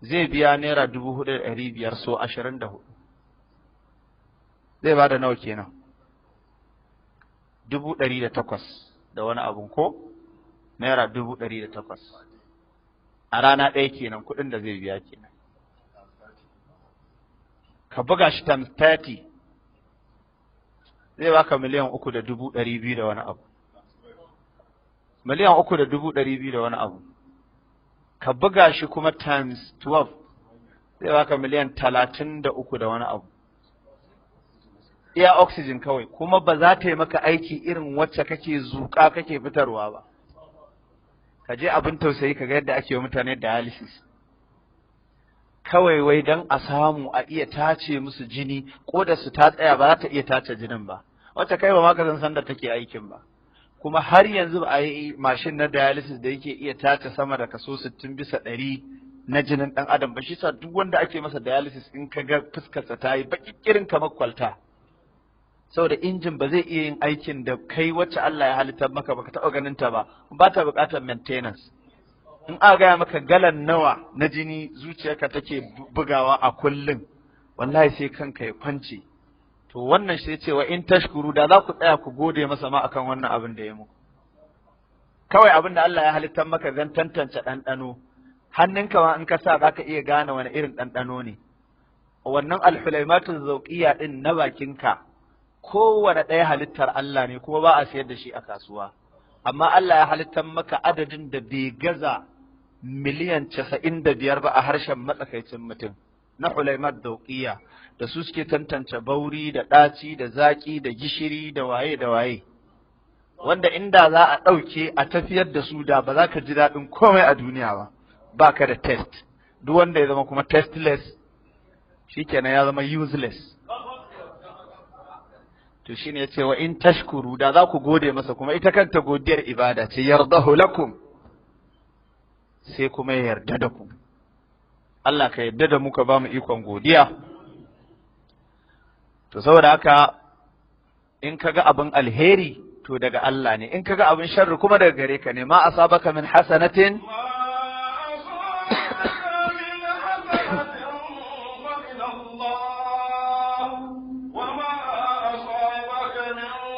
zai biya naira dubu hudu da biyar so 24 da hudu zai ba da nawa kenan dubu da takwas da wani abun ko naira dubu da takwas a rana ɗaya kenan kuɗin da zai biya kenan ka buga shi times 30 zai baka miliyan uku da dubu ɗari biyu da wani abu miliyan uku da dubu ɗari biyu da wani abu ka buga shi kuma times twelve zai baka miliyan talatin da uku da wani abu iya oxygen kawai kuma ba za ta yi maka aiki irin wacce kake zuƙa kake fitarwa ba ka je abin tausayi ka ga yadda ake wa mutane dialysis kawai wai don a samu a iya tace musu jini ko da su ta tsaya ba za ta iya tace jinin ba wacce kai ba ma ka san sanda take aikin ba kuma har yanzu ba a yi mashin na dialysis da yake iya tace sama da kaso 60 bisa 100 na jinin dan adam ba shi sa duk wanda ake masa dialysis in ka ga fuskarsa ta yi bakikirin kamar kwalta saboda injin ba zai iya yin aikin da kai wacce Allah ya halitta maka baka taɓa ganin ta ba ba ta buƙatar maintenance in a gaya maka galan nawa na jini zuciyarka take bugawa a kullum wallahi sai kanka ya kwance to wannan shi ce wa in tashkuru da za ku tsaya ku gode masa ma akan wannan abin da ya muku kawai abin da Allah ya halittar maka zan tantance ɗanɗano hannunka ma in ka sa za ka iya gane wani irin ɗanɗano ne wannan alhulaimatu zauƙiya ɗin na bakinka kowane ɗaya halittar Allah ne kuma ba a sayar da shi a kasuwa amma Allah ya halittar maka adadin da bai gaza miliyan casa'in da biyar ba a harshen matsakaicin mutum na hulaimat zauƙiya da su suke tantance bauri da ɗaci da zaƙi da gishiri da waye da waye wanda inda za a ɗauke a tafiyar da su da ba za ka ji daɗin komai a duniya ba ba ka da test duk wanda ya zama kuma testless shi kenan ya zama useless to shine ce wa in tashkuru da za ku gode masa kuma ita kanta godiyar ibada ce yarda lakum sai kuma ya yarda da ku Allah ka yarda da muka bamu ba mu ikon godiya to saboda haka in kaga abin alheri to daga Allah ne in ka ga abin sharri kuma daga gare ka ne ma asabaka min hasanatin